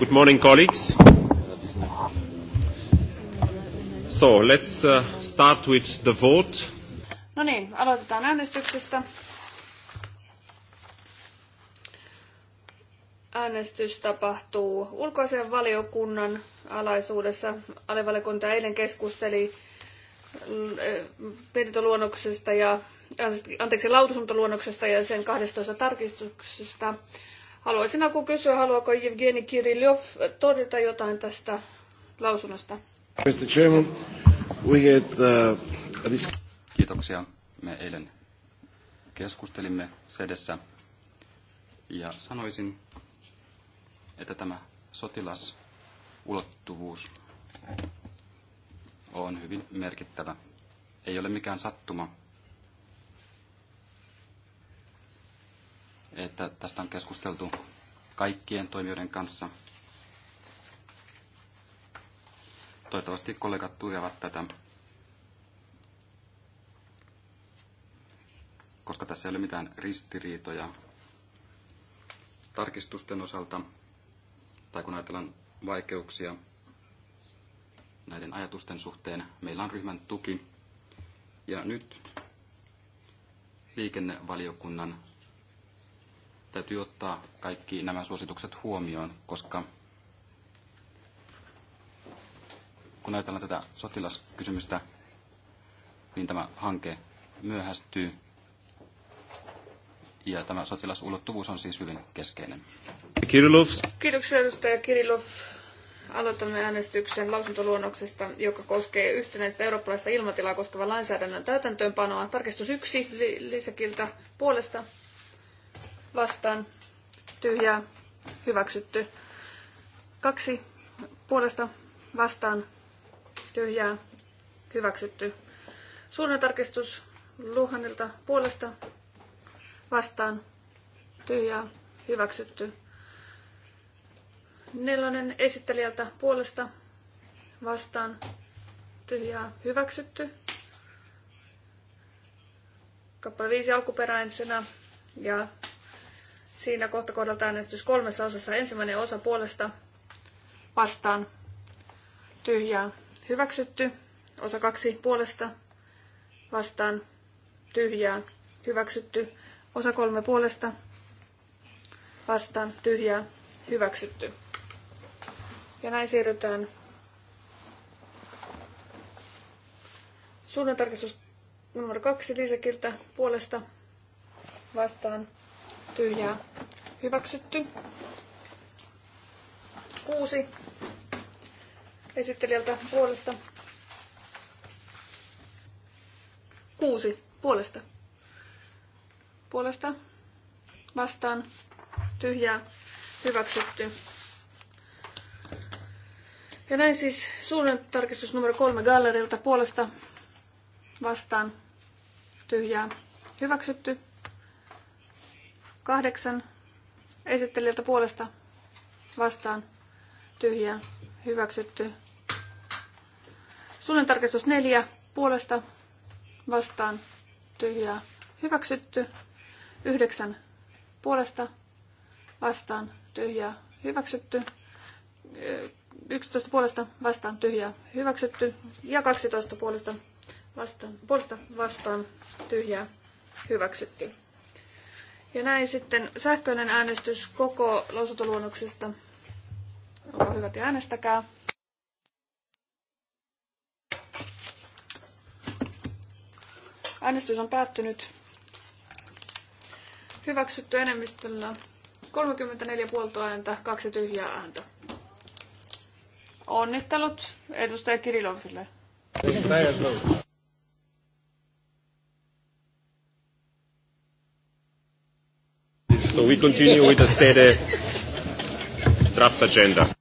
Good morning, colleagues. So, let's uh, start with the vote. No niin, aloitetaan äänestyksestä. Äänestys tapahtuu ulkoisen valiokunnan alaisuudessa. Alivaliokunta eilen keskusteli äh, mietintöluonnoksesta ja anteeksi, lausuntoluonnoksesta ja sen 12 tarkistuksesta. Haluaisin alkuun kysyä, haluaako Evgeni Kirillov todeta jotain tästä lausunnosta. Mr. Chairman, we had, uh, Kiitoksia. Me eilen keskustelimme sedessä ja sanoisin, että tämä sotilasulottuvuus on hyvin merkittävä. Ei ole mikään sattuma, että tästä on keskusteltu kaikkien toimijoiden kanssa. Toivottavasti kollegat tukevat tätä, koska tässä ei ole mitään ristiriitoja tarkistusten osalta, tai kun ajatellaan vaikeuksia näiden ajatusten suhteen, meillä on ryhmän tuki. Ja nyt liikennevaliokunnan täytyy ottaa kaikki nämä suositukset huomioon, koska kun ajatellaan tätä sotilaskysymystä, niin tämä hanke myöhästyy ja tämä sotilasulottuvuus on siis hyvin keskeinen. Kirilov. Kiitoksia edustaja Kirilov. Aloitamme äänestyksen lausuntoluonnoksesta, joka koskee yhtenäistä eurooppalaista ilmatilaa koskevan lainsäädännön täytäntöönpanoa. Tarkistus yksi Lisäkiltä puolesta vastaan tyhjää hyväksytty. Kaksi puolesta vastaan tyhjää hyväksytty. Suunnan tarkistus Luhanilta puolesta vastaan tyhjää hyväksytty. Nelonen esittelijältä puolesta vastaan tyhjää hyväksytty. Kappale viisi alkuperäisenä ja Siinä kohta kohdalta äänestys kolmessa osassa. Ensimmäinen osa puolesta vastaan tyhjää hyväksytty. Osa kaksi puolesta vastaan tyhjää hyväksytty. Osa kolme puolesta vastaan tyhjää hyväksytty. Ja näin siirrytään suunnantarkistus numero kaksi Liisekiltä puolesta vastaan tyhjää hyväksytty. Kuusi esittelijältä puolesta. Kuusi puolesta. Puolesta vastaan tyhjää hyväksytty. Ja näin siis suunnan tarkistus numero kolme gallerilta puolesta vastaan tyhjää hyväksytty. Kahdeksan esittelijältä puolesta vastaan tyhjää hyväksytty. Suunnan tarkistus neljä puolesta vastaan tyhjää hyväksytty. Yhdeksän puolesta vastaan tyhjää hyväksytty. 11 puolesta vastaan tyhjää hyväksytty ja 12 puolesta vastaan, puolesta vastaan tyhjää hyväksytty. Ja näin sitten sähköinen äänestys koko lausuntoluonnoksesta. Olkaa hyvät ja äänestäkää. Äänestys on päättynyt. Hyväksytty enemmistöllä 34 ääntä, kaksi tyhjää ääntä. Onnittelut edustaja Kiriloville. So we continue with the SEDE draft agenda.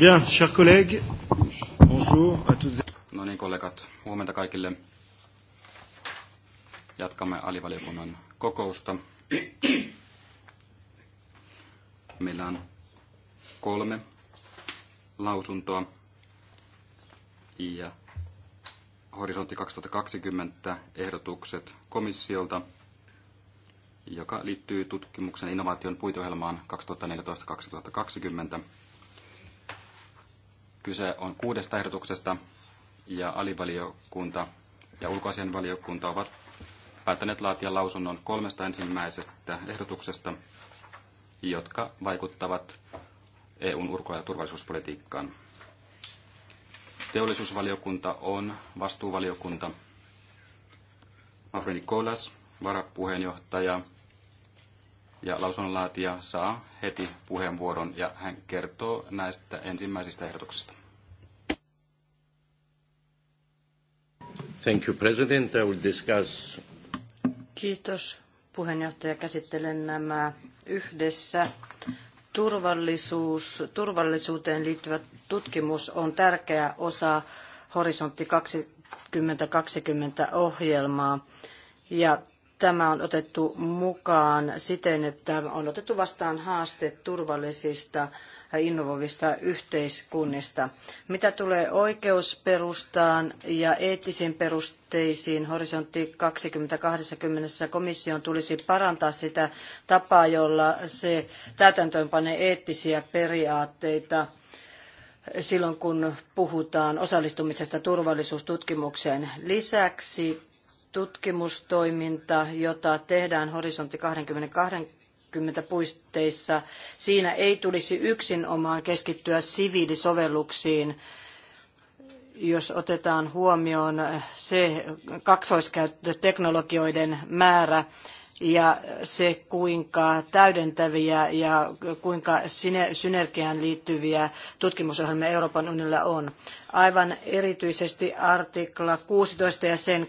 Bien, chers collègues, bonjour à toutes et... No niin, kollegat, huomenta kaikille. Jatkamme alivaliokunnan kokousta. Meillä on kolme lausuntoa ja Horisontti 2020 ehdotukset komissiolta, joka liittyy tutkimuksen innovaation puitohjelmaan 2014-2020. Kyse on kuudesta ehdotuksesta ja alivaliokunta ja ulkoasianvaliokunta ovat päättäneet laatia lausunnon kolmesta ensimmäisestä ehdotuksesta, jotka vaikuttavat EUn ulko- ja turvallisuuspolitiikkaan. Teollisuusvaliokunta on vastuuvaliokunta. Mavri Kolas, varapuheenjohtaja ja lausunnonlaatija, saa heti puheenvuoron ja hän kertoo näistä ensimmäisistä ehdotuksista. Thank you, President. I will discuss... Kiitos puheenjohtaja. Käsittelen nämä yhdessä. Turvallisuus, turvallisuuteen liittyvä tutkimus on tärkeä osa Horisontti 2020 ohjelmaa. Ja tämä on otettu mukaan siten, että on otettu vastaan haaste turvallisista innovoivista yhteiskunnista. Mitä tulee oikeusperustaan ja eettisiin perusteisiin, horisontti 2020 komission tulisi parantaa sitä tapaa, jolla se täytäntöönpanee eettisiä periaatteita silloin, kun puhutaan osallistumisesta turvallisuustutkimukseen. Lisäksi tutkimustoiminta, jota tehdään horisontti 2020. 20 puisteissa. Siinä ei tulisi yksinomaan keskittyä siviilisovelluksiin, jos otetaan huomioon se kaksoiskäyttöteknologioiden määrä ja se, kuinka täydentäviä ja kuinka synergiaan liittyviä tutkimusohjelmia Euroopan unionilla on. Aivan erityisesti artikla 16 ja sen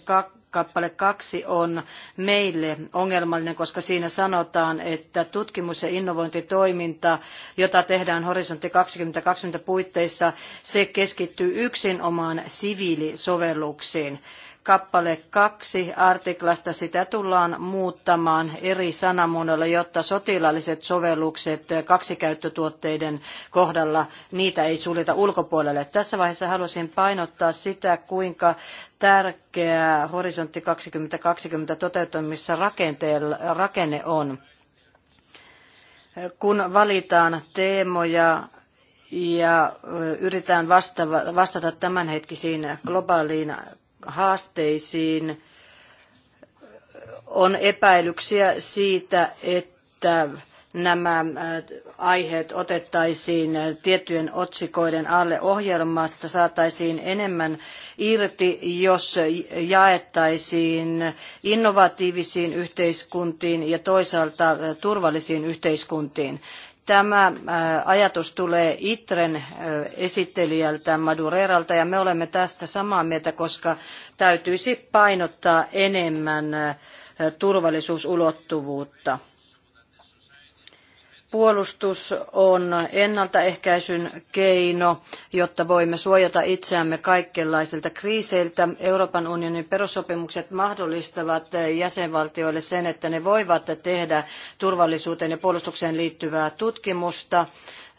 kappale kaksi on meille ongelmallinen, koska siinä sanotaan, että tutkimus- ja innovointitoiminta, jota tehdään horisontti 2020 puitteissa, se keskittyy yksinomaan siviilisovelluksiin kappale kaksi artiklasta sitä tullaan muuttamaan eri sanamuodolla, jotta sotilaalliset sovellukset kaksikäyttötuotteiden kohdalla, niitä ei suljeta ulkopuolelle. Tässä vaiheessa haluaisin painottaa sitä, kuinka tärkeää horisontti 2020 toteuttamissa rakenne on. Kun valitaan teemoja, ja yritetään vastata tämänhetkisiin globaaliin haasteisiin. On epäilyksiä siitä, että nämä äh, aiheet otettaisiin tiettyjen otsikoiden alle ohjelmasta, saataisiin enemmän irti, jos jaettaisiin innovatiivisiin yhteiskuntiin ja toisaalta turvallisiin yhteiskuntiin. Tämä äh, ajatus tulee ITREN äh, esittelijältä Madureralta ja me olemme tästä samaa mieltä, koska täytyisi painottaa enemmän äh, turvallisuusulottuvuutta. Puolustus on ennaltaehkäisyn keino, jotta voimme suojata itseämme kaikenlaisilta kriiseiltä. Euroopan unionin perussopimukset mahdollistavat jäsenvaltioille sen, että ne voivat tehdä turvallisuuteen ja puolustukseen liittyvää tutkimusta,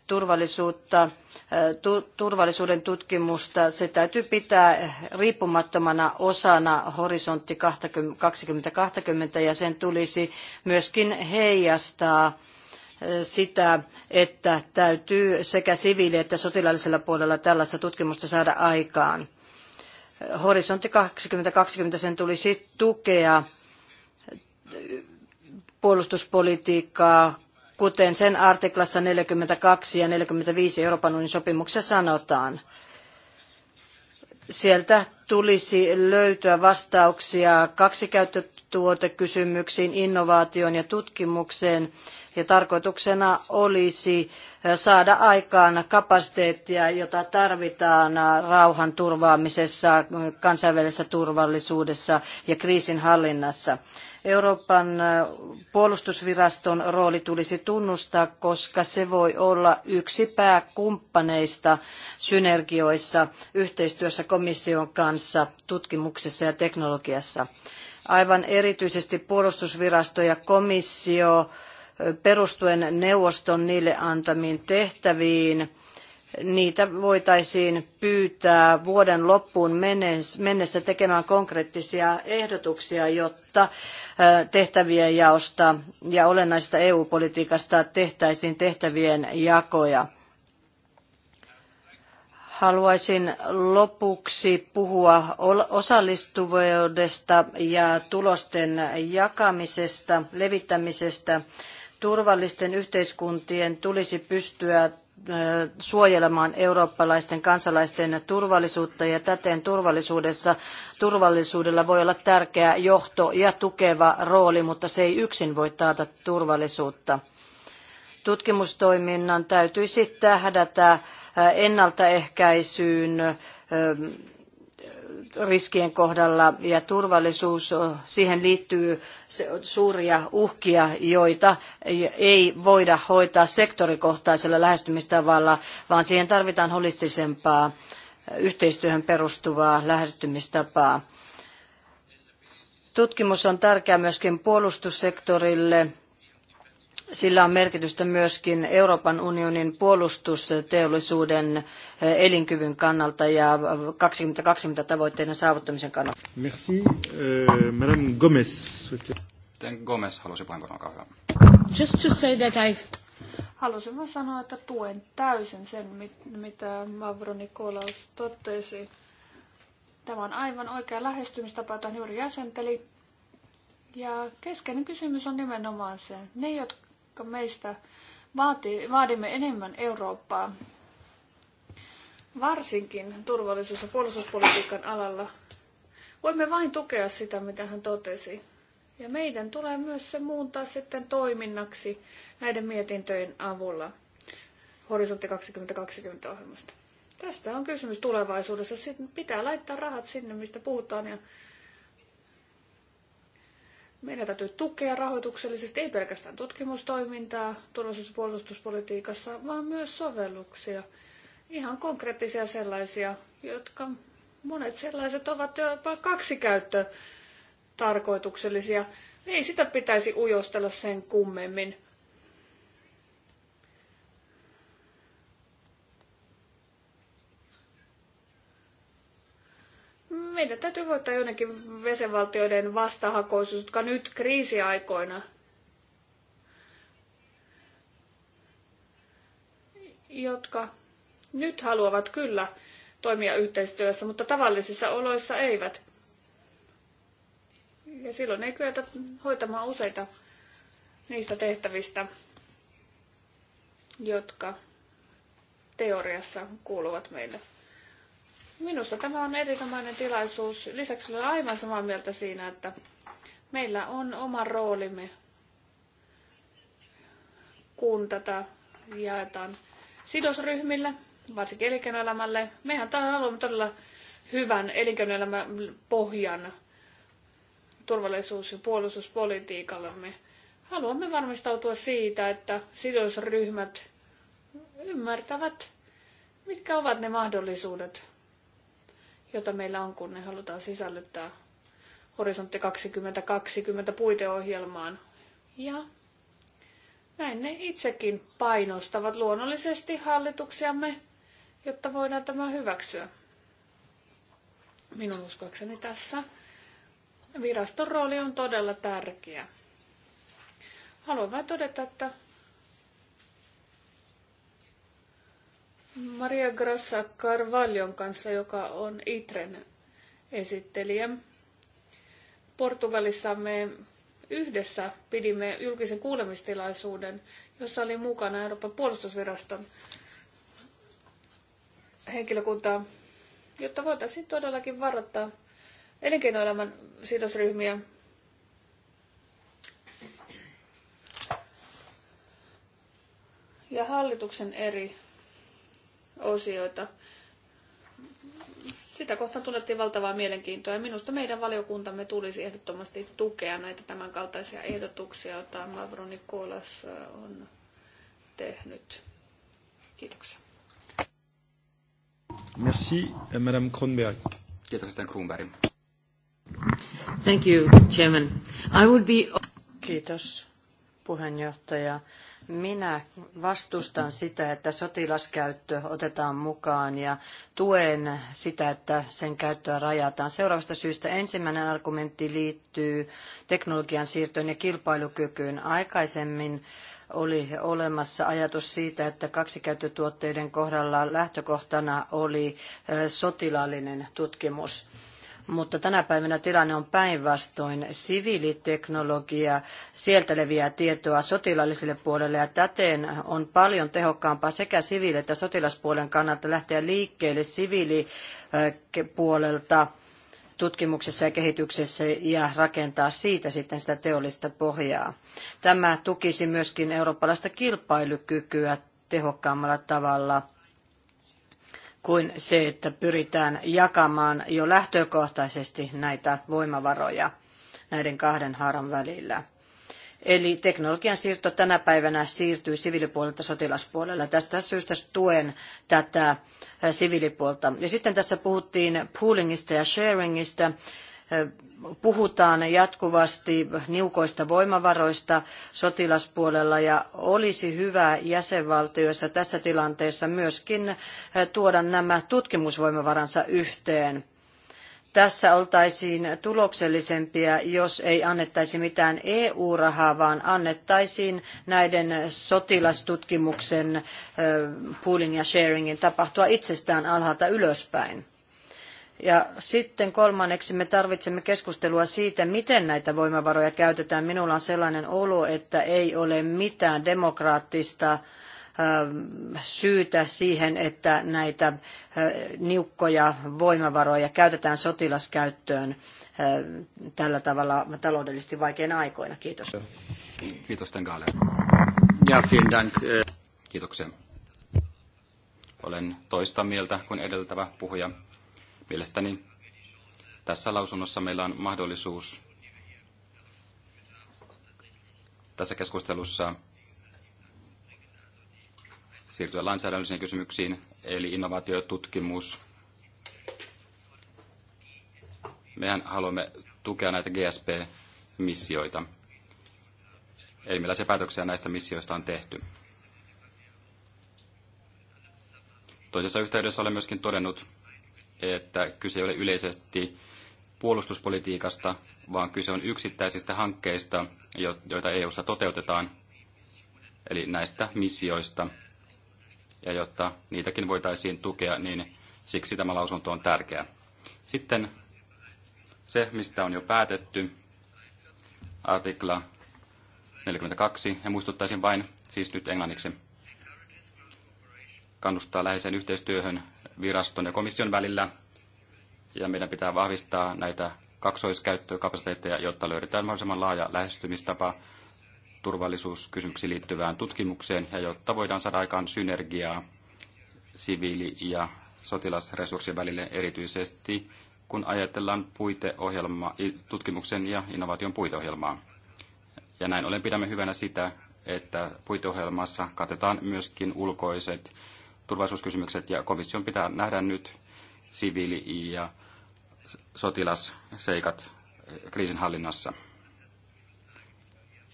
turvallisuutta, eh, turvallisuuden tutkimusta. Se täytyy pitää riippumattomana osana horisontti 2020 ja sen tulisi myöskin heijastaa sitä, että täytyy sekä siviili- että sotilaallisella puolella tällaista tutkimusta saada aikaan. Horisontti 2020 sen tulisi tukea puolustuspolitiikkaa, kuten sen artiklassa 42 ja 45 Euroopan unionin sopimuksessa sanotaan. Sieltä tulisi löytyä vastauksia kaksikäyttötuotekysymyksiin, innovaatioon ja tutkimukseen ja tarkoituksena olisi saada aikaan kapasiteettia, jota tarvitaan rauhan turvaamisessa, kansainvälisessä turvallisuudessa ja kriisinhallinnassa. Euroopan puolustusviraston rooli tulisi tunnustaa, koska se voi olla yksi pääkumppaneista synergioissa yhteistyössä komission kanssa tutkimuksessa ja teknologiassa. Aivan erityisesti puolustusvirasto ja komissio perustuen neuvoston niille antamiin tehtäviin. Niitä voitaisiin pyytää vuoden loppuun mennessä tekemään konkreettisia ehdotuksia, jotta tehtävien jaosta ja olennaista EU-politiikasta tehtäisiin tehtävien jakoja. Haluaisin lopuksi puhua osallistuvuudesta ja tulosten jakamisesta, levittämisestä Turvallisten yhteiskuntien tulisi pystyä suojelemaan eurooppalaisten kansalaisten turvallisuutta ja täten turvallisuudessa turvallisuudella voi olla tärkeä johto ja tukeva rooli, mutta se ei yksin voi taata turvallisuutta. Tutkimustoiminnan täytyisi tähdätä ennaltaehkäisyyn, riskien kohdalla ja turvallisuus, siihen liittyy suuria uhkia, joita ei voida hoitaa sektorikohtaisella lähestymistavalla, vaan siihen tarvitaan holistisempaa yhteistyöhön perustuvaa lähestymistapaa. Tutkimus on tärkeää myöskin puolustussektorille sillä on merkitystä myöskin Euroopan unionin puolustusteollisuuden eh, elinkyvyn kannalta ja 2020 tavoitteiden saavuttamisen kannalta. Merci. Euh, Madame Gomez. Ten Gomez halusi puheenvuoron, olkaa Just to say that I've... Halusin vaan sanoa, että tuen täysin sen, mitä Mavro Nikolaus totesi. Tämä on aivan oikea lähestymistapa, jota juuri jäsenteli. Ja keskeinen kysymys on nimenomaan se, ne jotka jotka meistä vaati, vaadimme enemmän Eurooppaa, varsinkin turvallisuus- ja puolustuspolitiikan alalla, voimme vain tukea sitä, mitä hän totesi. Ja meidän tulee myös se muuntaa sitten toiminnaksi näiden mietintöjen avulla Horisontti 2020 ohjelmasta. Tästä on kysymys tulevaisuudessa. Sitten pitää laittaa rahat sinne, mistä puhutaan, ja meidän täytyy tukea rahoituksellisesti ei pelkästään tutkimustoimintaa turvallisuus- ja puolustuspolitiikassa, vaan myös sovelluksia. Ihan konkreettisia sellaisia, jotka monet sellaiset ovat jopa kaksikäyttötarkoituksellisia. Ei sitä pitäisi ujostella sen kummemmin. meidän täytyy voittaa jonnekin vesenvaltioiden vastahakoisuus, jotka nyt kriisiaikoina jotka nyt haluavat kyllä toimia yhteistyössä, mutta tavallisissa oloissa eivät. Ja silloin ei kyetä hoitamaan useita niistä tehtävistä, jotka teoriassa kuuluvat meille. Minusta tämä on erinomainen tilaisuus. Lisäksi olen aivan samaa mieltä siinä, että meillä on oma roolimme, kun tätä jaetaan sidosryhmille, varsinkin elinkeinoelämälle. Mehän haluamme todella hyvän elinkeinoelämän pohjan turvallisuus- ja puolustuspolitiikallamme. Haluamme varmistautua siitä, että sidosryhmät ymmärtävät, mitkä ovat ne mahdollisuudet, jota meillä on, kun ne halutaan sisällyttää Horisontti 2020 puiteohjelmaan. Ja näin ne itsekin painostavat luonnollisesti hallituksiamme, jotta voidaan tämä hyväksyä. Minun uskoakseni tässä viraston rooli on todella tärkeä. Haluan vain todeta, että Maria Grassa Carvaljon kanssa, joka on ITREN esittelijä. Portugalissa me yhdessä pidimme julkisen kuulemistilaisuuden, jossa oli mukana Euroopan puolustusviraston henkilökunta, jotta voitaisiin todellakin varoittaa elinkeinoelämän sidosryhmiä ja hallituksen eri osioita. Sitä kohtaan tunnettiin valtavaa mielenkiintoa ja minusta meidän valiokuntamme tulisi ehdottomasti tukea näitä tämänkaltaisia ehdotuksia, joita Mavro Nikolas on tehnyt. Kiitoksia. Merci, euh, Madame Kronberg. Kiitos, Sten Kronberg. Thank you, Chairman. I would be... Kiitos, puheenjohtaja. Minä vastustan sitä, että sotilaskäyttö otetaan mukaan ja tuen sitä, että sen käyttöä rajataan. Seuraavasta syystä ensimmäinen argumentti liittyy teknologian siirtoon ja kilpailukykyyn. Aikaisemmin oli olemassa ajatus siitä, että kaksikäyttötuotteiden kohdalla lähtökohtana oli sotilaallinen tutkimus mutta tänä päivänä tilanne on päinvastoin. Siviiliteknologia, sieltä leviää tietoa sotilaalliselle puolelle ja täten on paljon tehokkaampaa sekä siviili- että sotilaspuolen kannalta lähteä liikkeelle siviilipuolelta tutkimuksessa ja kehityksessä ja rakentaa siitä sitten sitä teollista pohjaa. Tämä tukisi myöskin eurooppalaista kilpailukykyä tehokkaammalla tavalla kuin se, että pyritään jakamaan jo lähtökohtaisesti näitä voimavaroja näiden kahden haaran välillä. Eli teknologian siirto tänä päivänä siirtyy siviilipuolelta sotilaspuolelle. Tästä syystä tuen tätä siviilipuolta. Ja sitten tässä puhuttiin poolingista ja sharingista puhutaan jatkuvasti niukoista voimavaroista sotilaspuolella ja olisi hyvä jäsenvaltioissa tässä tilanteessa myöskin eh, tuoda nämä tutkimusvoimavaransa yhteen. Tässä oltaisiin tuloksellisempia, jos ei annettaisi mitään EU-rahaa, vaan annettaisiin näiden sotilastutkimuksen eh, pooling ja sharingin tapahtua itsestään alhaalta ylöspäin. Ja sitten kolmanneksi me tarvitsemme keskustelua siitä, miten näitä voimavaroja käytetään. Minulla on sellainen olo, että ei ole mitään demokraattista ähm, syytä siihen, että näitä äh, niukkoja voimavaroja käytetään sotilaskäyttöön äh, tällä tavalla taloudellisesti vaikeina aikoina. Kiitos. Kiitos, Tengaale. Ja, vielen dank. Äh. Kiitoksia. Olen toista mieltä kuin edeltävä puhuja Mielestäni tässä lausunnossa meillä on mahdollisuus tässä keskustelussa siirtyä lainsäädännöllisiin kysymyksiin, eli innovaatiotutkimus. Mehän haluamme tukea näitä GSP-missioita. Eli millaisia päätöksiä näistä missioista on tehty. Toisessa yhteydessä olen myöskin todennut, että kyse ei ole yleisesti puolustuspolitiikasta, vaan kyse on yksittäisistä hankkeista, joita EU-ssa toteutetaan, eli näistä missioista. Ja jotta niitäkin voitaisiin tukea, niin siksi tämä lausunto on tärkeä. Sitten se, mistä on jo päätetty, artikla 42, ja muistuttaisin vain, siis nyt englanniksi, kannustaa läheiseen yhteistyöhön viraston ja komission välillä. Ja meidän pitää vahvistaa näitä kaksoiskäyttökapasiteetteja, jotta löydetään mahdollisimman laaja lähestymistapa turvallisuuskysymyksiin liittyvään tutkimukseen ja jotta voidaan saada aikaan synergiaa siviili- ja sotilasresurssien välille erityisesti, kun ajatellaan puiteohjelma, tutkimuksen ja innovaation puiteohjelmaa. Ja näin ollen pidämme hyvänä sitä, että puiteohjelmassa katetaan myöskin ulkoiset turvallisuuskysymykset ja komission pitää nähdä nyt siviili- ja sotilasseikat kriisinhallinnassa.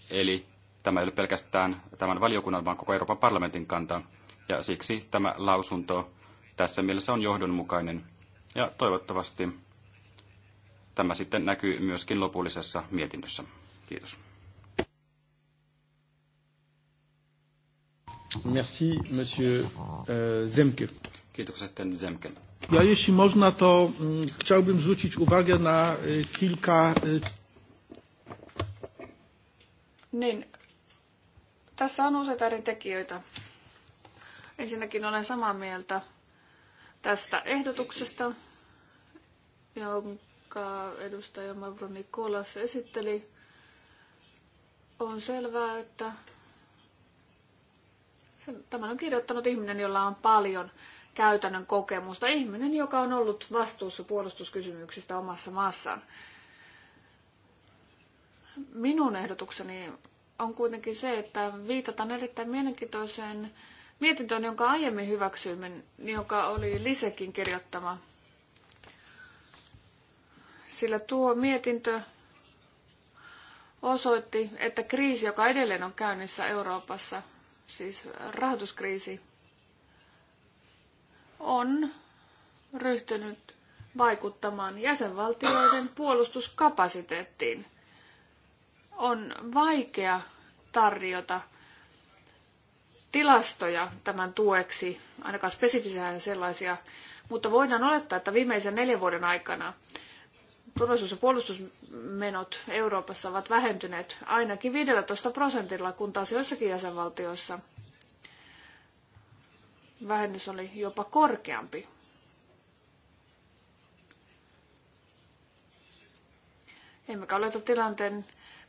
Eli tämä ei ole pelkästään tämän valiokunnan, vaan koko Euroopan parlamentin kanta. Ja siksi tämä lausunto tässä mielessä on johdonmukainen. Ja toivottavasti tämä sitten näkyy myöskin lopullisessa mietinnössä. Kiitos. Merci, monsieur euh, Zemke. Kiitokset, Zemke. Ja jeśli można, to mm, chciałbym zwrócić uwagę na kilka... Niin, tässä on useita eri tekijöitä. Ensinnäkin olen samaa mieltä tästä ehdotuksesta, jonka edustaja Mavro Nikolas esitteli. On selvää, että Tämän on kirjoittanut ihminen, jolla on paljon käytännön kokemusta. Ihminen, joka on ollut vastuussa puolustuskysymyksistä omassa maassaan. Minun ehdotukseni on kuitenkin se, että viitataan erittäin mielenkiintoiseen mietintöön, jonka aiemmin hyväksyimme, joka oli Lisekin kirjoittama. Sillä tuo mietintö osoitti, että kriisi, joka edelleen on käynnissä Euroopassa, siis rahoituskriisi, on ryhtynyt vaikuttamaan jäsenvaltioiden puolustuskapasiteettiin. On vaikea tarjota tilastoja tämän tueksi, ainakaan spesifisiä sellaisia, mutta voidaan olettaa, että viimeisen neljän vuoden aikana turvallisuus- ja puolustusmenot Euroopassa ovat vähentyneet ainakin 15 prosentilla, kun taas joissakin jäsenvaltioissa vähennys oli jopa korkeampi. Emmekä oleta tilanteen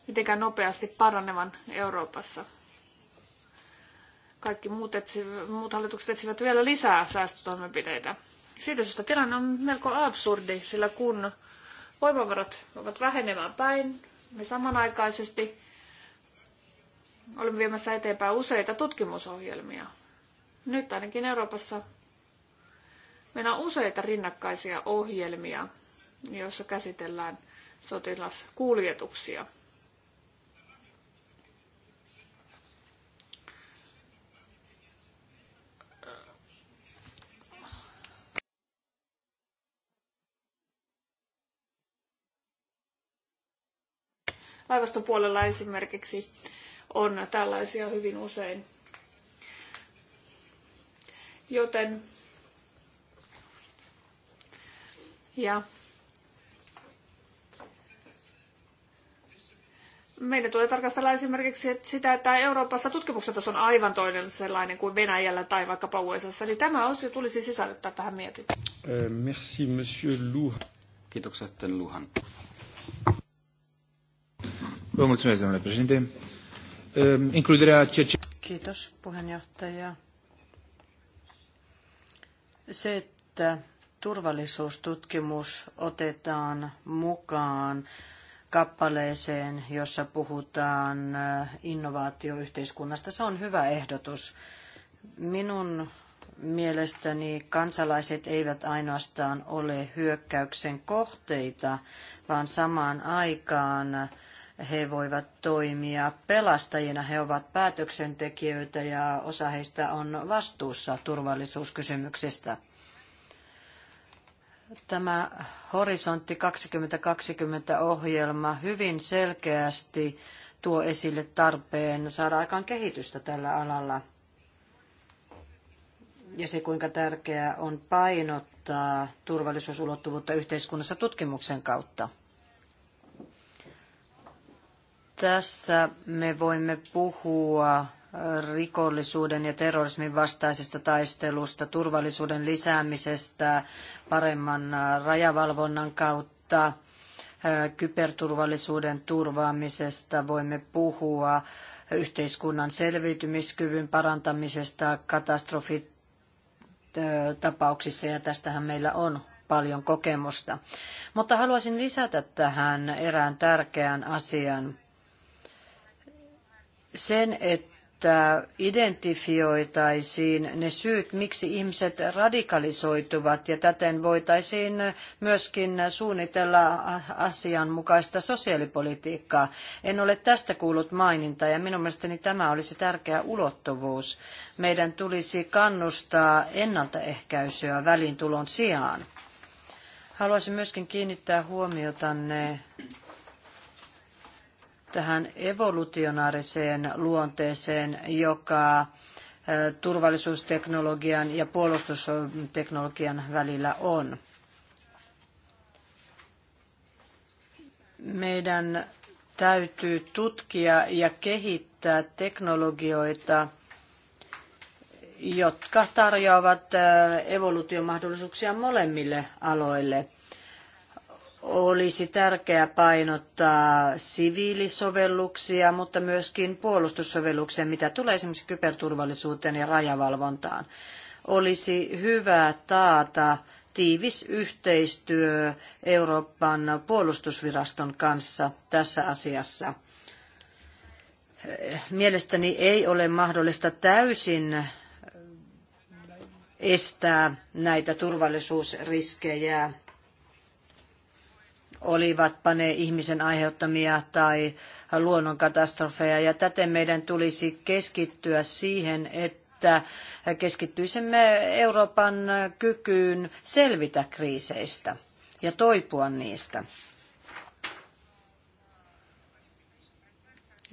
mitenkään nopeasti paranevan Euroopassa. Kaikki muut, etsi, muut hallitukset etsivät vielä lisää säästötoimenpiteitä. Siitä syystä tilanne on melko absurdi, sillä kun voimavarat ovat vähenemään päin. Me samanaikaisesti olemme viemässä eteenpäin useita tutkimusohjelmia. Nyt ainakin Euroopassa meillä on useita rinnakkaisia ohjelmia, joissa käsitellään sotilaskuljetuksia – Laivaston puolella esimerkiksi on tällaisia hyvin usein. Joten ja meidän tulee tarkastella esimerkiksi sitä, että Euroopassa tutkimuksen taso on aivan toinen sellainen kuin Venäjällä tai vaikka USAssa. Eli tämä osio tulisi sisällyttää tähän mietintöön. Äh, merci, monsieur Luhan. Ehm, Kiitos, puheenjohtaja. Se, että turvallisuustutkimus otetaan mukaan kappaleeseen, jossa puhutaan eh, innovaatioyhteiskunnasta. Se on hyvä ehdotus. Minun mielestäni kansalaiset eivät ainoastaan ole hyökkäyksen kohteita, vaan samaan aikaan he voivat toimia pelastajina. He ovat päätöksentekijöitä ja osa heistä on vastuussa turvallisuuskysymyksistä. Tämä Horisontti 2020-ohjelma hyvin selkeästi tuo esille tarpeen saada aikaan kehitystä tällä alalla. Ja se, kuinka tärkeää on painottaa turvallisuusulottuvuutta yhteiskunnassa tutkimuksen kautta. Tästä me voimme puhua rikollisuuden ja terrorismin vastaisesta taistelusta, turvallisuuden lisäämisestä paremman rajavalvonnan kautta, kyberturvallisuuden turvaamisesta voimme puhua, yhteiskunnan selviytymiskyvyn parantamisesta katastrofitapauksissa ja tästähän meillä on paljon kokemusta. Mutta haluaisin lisätä tähän erään tärkeän asian sen, että identifioitaisiin ne syyt, miksi ihmiset radikalisoituvat ja täten voitaisiin myöskin suunnitella asianmukaista sosiaalipolitiikkaa. En ole tästä kuullut mainintaa ja minun mielestäni tämä olisi tärkeä ulottuvuus. Meidän tulisi kannustaa ennaltaehkäisyä välintulon sijaan. Haluaisin myöskin kiinnittää huomiotanne tähän evolutionaariseen luonteeseen, joka turvallisuusteknologian ja puolustusteknologian välillä on. Meidän täytyy tutkia ja kehittää teknologioita, jotka tarjoavat evoluutiomahdollisuuksia molemmille aloille olisi tärkeää painottaa siviilisovelluksia, mutta myöskin puolustussovelluksia, mitä tulee esimerkiksi kyberturvallisuuteen ja rajavalvontaan. Olisi hyvä taata tiivis yhteistyö Euroopan puolustusviraston kanssa tässä asiassa. Mielestäni ei ole mahdollista täysin estää näitä turvallisuusriskejä olivatpa ne ihmisen aiheuttamia tai luonnonkatastrofeja. Ja täten meidän tulisi keskittyä siihen, että keskittyisimme Euroopan kykyyn selvitä kriiseistä ja toipua niistä.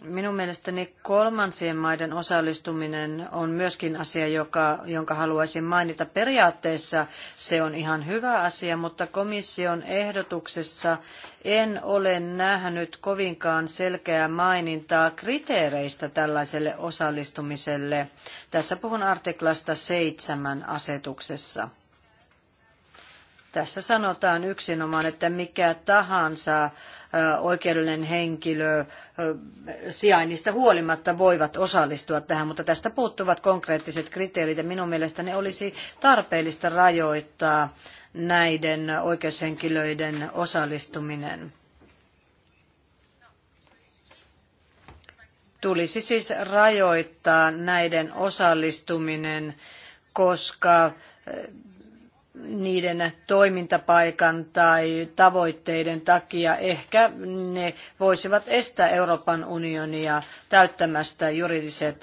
Minun mielestäni kolmansien maiden osallistuminen on myöskin asia, joka, jonka haluaisin mainita. Periaatteessa se on ihan hyvä asia, mutta komission ehdotuksessa en ole nähnyt kovinkaan selkeää mainintaa kriteereistä tällaiselle osallistumiselle. Tässä puhun artiklasta seitsemän asetuksessa. Tässä sanotaan yksinomaan, että mikä tahansa oikeudellinen henkilö sijainnista huolimatta voivat osallistua tähän, mutta tästä puuttuvat konkreettiset kriteerit ja minun mielestäni olisi tarpeellista rajoittaa näiden oikeushenkilöiden osallistuminen. Tulisi siis rajoittaa näiden osallistuminen, koska niiden toimintapaikan tai tavoitteiden takia ehkä ne voisivat estää Euroopan unionia täyttämästä juridiset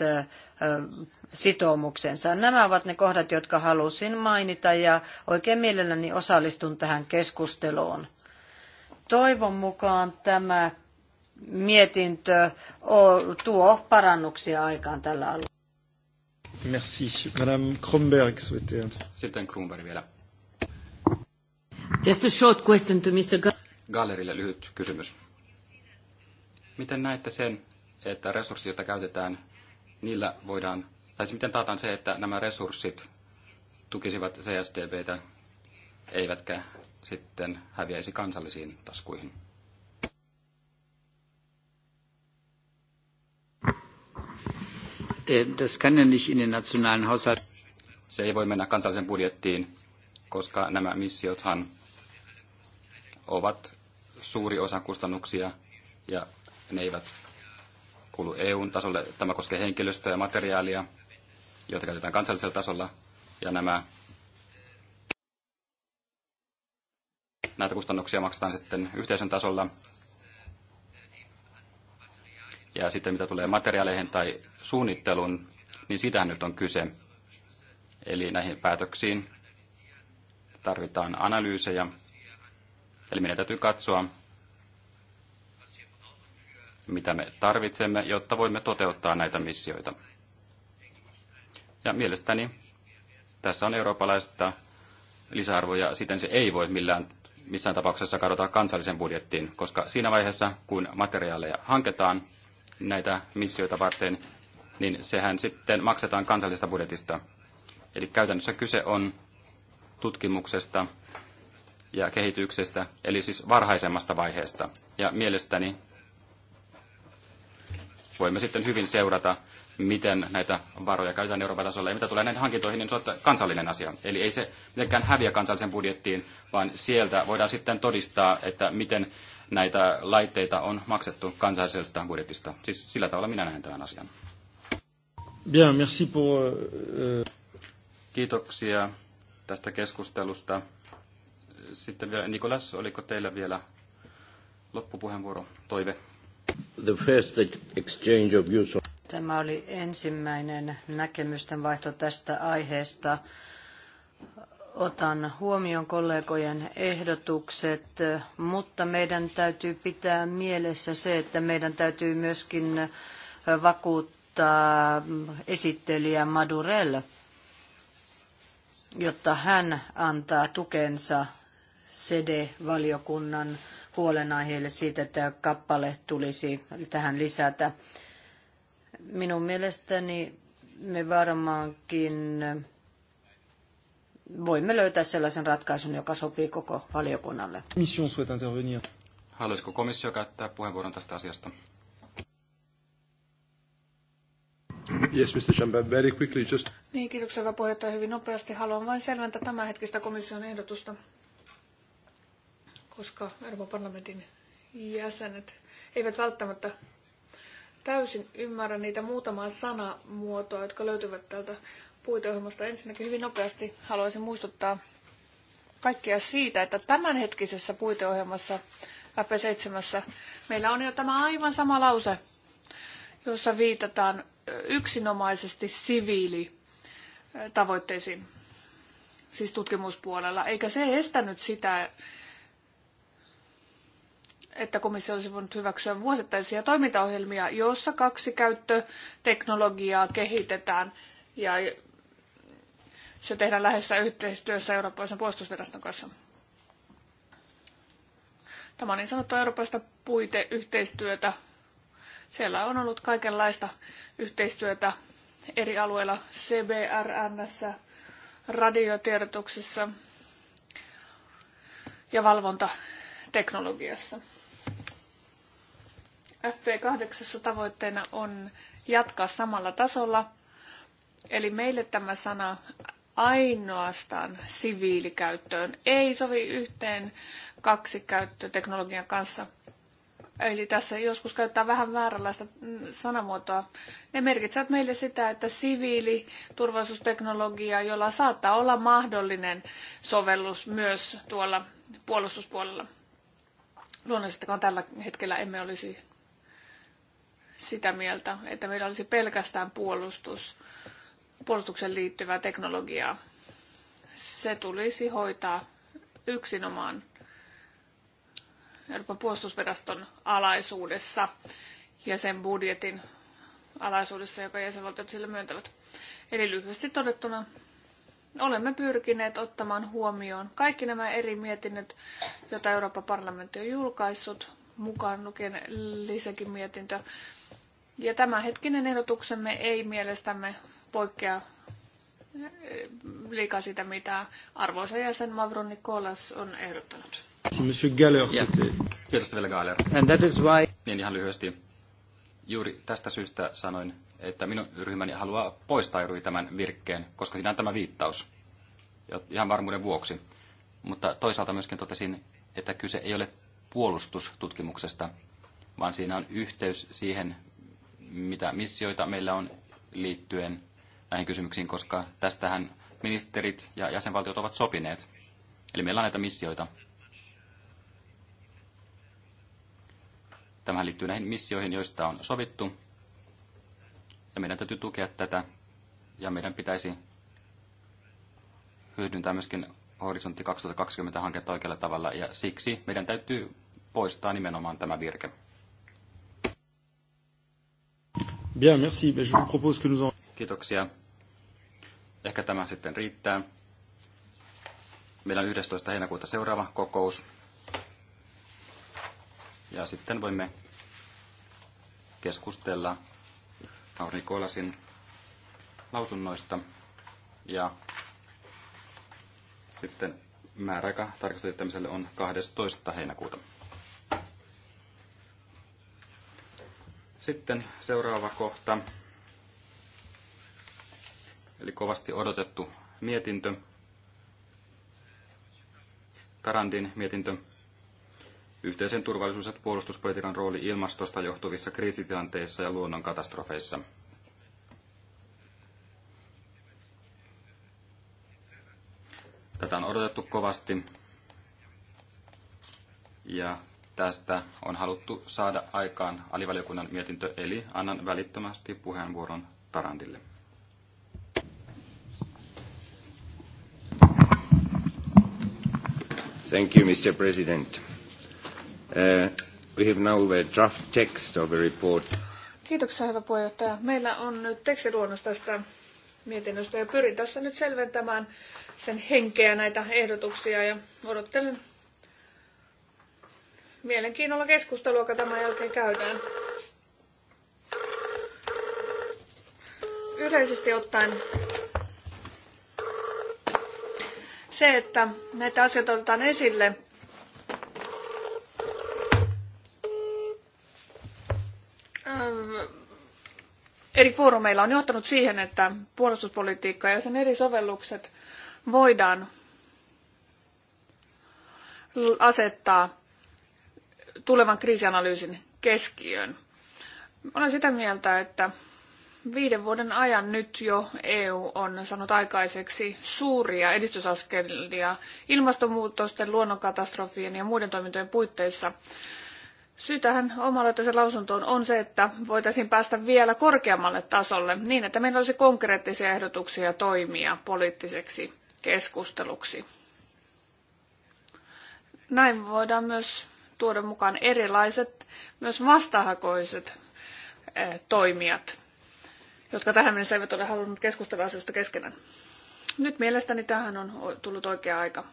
sitoumuksensa. Nämä ovat ne kohdat, jotka halusin mainita ja oikein mielelläni osallistun tähän keskusteluun. Toivon mukaan tämä mietintö tuo parannuksia aikaan tällä alueella. Merci. Madame Kronberg souhaitait. Sitten Kronberg vielä. Just a short question to Mr. Gallerille lyhyt kysymys. Miten näette sen, että resurssit, joita käytetään, niillä voidaan, tai siis miten taataan se, että nämä resurssit tukisivat CSDBtä, eivätkä sitten häviäisi kansallisiin taskuihin? Äh, das kann ja nicht in den nationalen Haushalt. Se ei voi mennä kansalliseen budjettiin, koska nämä missiothan ovat suuri osa kustannuksia ja ne eivät kuulu EUn tasolle. Tämä koskee henkilöstöä ja materiaalia, joita käytetään kansallisella tasolla ja nämä näitä kustannuksia maksetaan sitten yhteisön tasolla. Ja sitten mitä tulee materiaaleihin tai suunnitteluun, niin sitä nyt on kyse. Eli näihin päätöksiin tarvitaan analyysejä Eli meidän täytyy katsoa, mitä me tarvitsemme, jotta voimme toteuttaa näitä missioita. Ja mielestäni tässä on eurooppalaista lisäarvoa ja siten se ei voi millään, missään tapauksessa kadota kansallisen budjettiin, koska siinä vaiheessa, kun materiaaleja hanketaan näitä missioita varten, niin sehän sitten maksetaan kansallisesta budjetista. Eli käytännössä kyse on tutkimuksesta, ja kehityksestä, eli siis varhaisemmasta vaiheesta. Ja mielestäni voimme sitten hyvin seurata, miten näitä varoja käytetään Euroopan tasolla. Ja mitä tulee näihin hankintoihin, niin se on kansallinen asia. Eli ei se mitenkään häviä kansallisen budjettiin, vaan sieltä voidaan sitten todistaa, että miten näitä laitteita on maksettu kansallisesta budjetista. Siis sillä tavalla minä näen tämän asian. Bien, merci pour, euh, euh. Kiitoksia tästä keskustelusta. Sitten vielä Nikolas, oliko teillä vielä loppupuheenvuoro toive? The first exchange of views Tämä oli ensimmäinen näkemysten vaihto tästä aiheesta. Otan huomioon kollegojen ehdotukset, mutta meidän täytyy pitää mielessä se, että meidän täytyy myöskin vakuuttaa esittelijä Madurell, jotta hän antaa tukensa CD-valiokunnan huolenaiheille siitä, että kappale tulisi tähän lisätä. Minun mielestäni me varmaankin voimme löytää sellaisen ratkaisun, joka sopii koko valiokunnalle. souhaite intervenir. Haluaisiko komissio käyttää puheenvuoron tästä asiasta? Yes, Mr. Chamber, very quickly just... Niin, kiitoksia puheenjohtaja. Hyvin nopeasti haluan vain selventää tämänhetkistä komission ehdotusta koska Euroopan parlamentin jäsenet eivät välttämättä täysin ymmärrä niitä muutamaa sanamuotoa, jotka löytyvät täältä puiteohjelmasta. Ensinnäkin hyvin nopeasti haluaisin muistuttaa kaikkia siitä, että tämänhetkisessä puiteohjelmassa FP7 meillä on jo tämä aivan sama lause, jossa viitataan yksinomaisesti siviilitavoitteisiin, siis tutkimuspuolella, eikä se estänyt sitä, että komissio olisi voinut hyväksyä vuosittaisia toimintaohjelmia, joissa kaksi käyttöteknologiaa kehitetään ja se tehdään läheisessä yhteistyössä Eurooppalaisen puolustusviraston kanssa. Tämä on niin sanottua eurooppalaista puiteyhteistyötä. Siellä on ollut kaikenlaista yhteistyötä eri alueilla CBRNssä, radiotiedotuksessa ja valvontateknologiassa. FP8 tavoitteena on jatkaa samalla tasolla. Eli meille tämä sana ainoastaan siviilikäyttöön ei sovi yhteen kaksi käyttöteknologian kanssa. Eli tässä joskus käyttää vähän vääränlaista mm, sanamuotoa. Ne merkitsevät meille sitä, että siviili turvallisuusteknologia, jolla saattaa olla mahdollinen sovellus myös tuolla puolustuspuolella. Luonnollisesti, tällä hetkellä emme olisi sitä mieltä, että meillä olisi pelkästään puolustus, puolustuksen liittyvää teknologiaa. Se tulisi hoitaa yksinomaan Euroopan puolustusviraston alaisuudessa ja sen budjetin alaisuudessa, joka jäsenvaltiot sille myöntävät. Eli lyhyesti todettuna olemme pyrkineet ottamaan huomioon kaikki nämä eri mietinnöt, joita Euroopan parlamentti on julkaissut, mukaan lukien lisäkin mietintö. Ja tämänhetkinen ehdotuksemme ei mielestämme poikkea eh, liikaa sitä, mitä arvoisa jäsen Mavro Nikolas on ehdottanut. Monsieur Galler, yeah. Kiitos vielä Galler. And that is why... Niin ihan lyhyesti. Juuri tästä syystä sanoin, että minun ryhmäni haluaa poistaa juuri tämän virkkeen, koska siinä on tämä viittaus. Ihan varmuuden vuoksi. Mutta toisaalta myöskin totesin, että kyse ei ole puolustustutkimuksesta, vaan siinä on yhteys siihen, mitä missioita meillä on liittyen näihin kysymyksiin, koska tästähän ministerit ja jäsenvaltiot ovat sopineet. Eli meillä on näitä missioita. Tämähän liittyy näihin missioihin, joista on sovittu. Ja meidän täytyy tukea tätä. Ja meidän pitäisi hyödyntää myöskin Horisontti 2020-hanketta oikealla tavalla. Ja siksi meidän täytyy poistaa nimenomaan tämä virke. Bien, merci. Je vous propose que nous en... Kiitoksia. Ehkä tämä sitten riittää. Meillä on 11. heinäkuuta seuraava kokous. Ja sitten voimme keskustella Mauri Kolasin lausunnoista. Ja sitten määräaika tarkastustettämiselle on 12. heinäkuuta. Sitten seuraava kohta, eli kovasti odotettu mietintö. Tarandin mietintö. Yhteisen turvallisuus- ja puolustuspolitiikan rooli ilmastosta johtuvissa kriisitilanteissa ja luonnonkatastrofeissa. Tätä on odotettu kovasti ja tästä on haluttu saada aikaan alivaliokunnan mietintö, eli annan välittömästi puheenvuoron Tarandille. Thank you, Mr. President. Uh, we have now a draft text of a report. Kiitoksia, hyvä puheenjohtaja. Meillä on nyt tekstiluonnos tästä mietinnöstä ja pyrin tässä nyt selventämään sen henkeä näitä ehdotuksia ja odottelen mielenkiinnolla keskustelua, joka tämän jälkeen käydään. Yleisesti ottaen se, että näitä asioita otetaan esille, eri foorumeilla on johtanut siihen, että puolustuspolitiikka ja sen eri sovellukset voidaan asettaa tulevan kriisianalyysin keskiöön. Olen sitä mieltä, että viiden vuoden ajan nyt jo EU on saanut aikaiseksi suuria edistysaskelia ilmastonmuutosten, luonnonkatastrofien ja muiden toimintojen puitteissa. Syy tähän omaloitteisen lausuntoon on se, että voitaisiin päästä vielä korkeammalle tasolle niin, että meillä olisi konkreettisia ehdotuksia toimia poliittiseksi keskusteluksi. Näin voidaan myös tuoda mukaan erilaiset, myös vastahakoiset eh, toimijat, jotka tähän mennessä eivät ole halunneet keskustella asioista keskenään. Nyt mielestäni tähän on tullut oikea aika.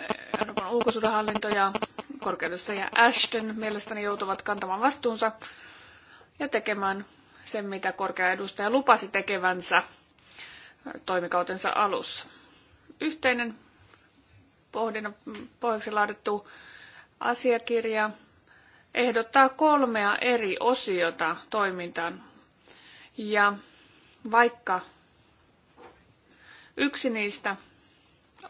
Eh, Euroopan ulkosuudenhallinto ja korkeudustaja Ashton mielestäni joutuvat kantamaan vastuunsa ja tekemään sen, mitä korkea edustaja lupasi tekevänsä eh, toimikautensa alussa. Yhteinen pohdinnan pohjaksi laadittu asiakirja ehdottaa kolmea eri osiota toimintaan. Ja vaikka yksi niistä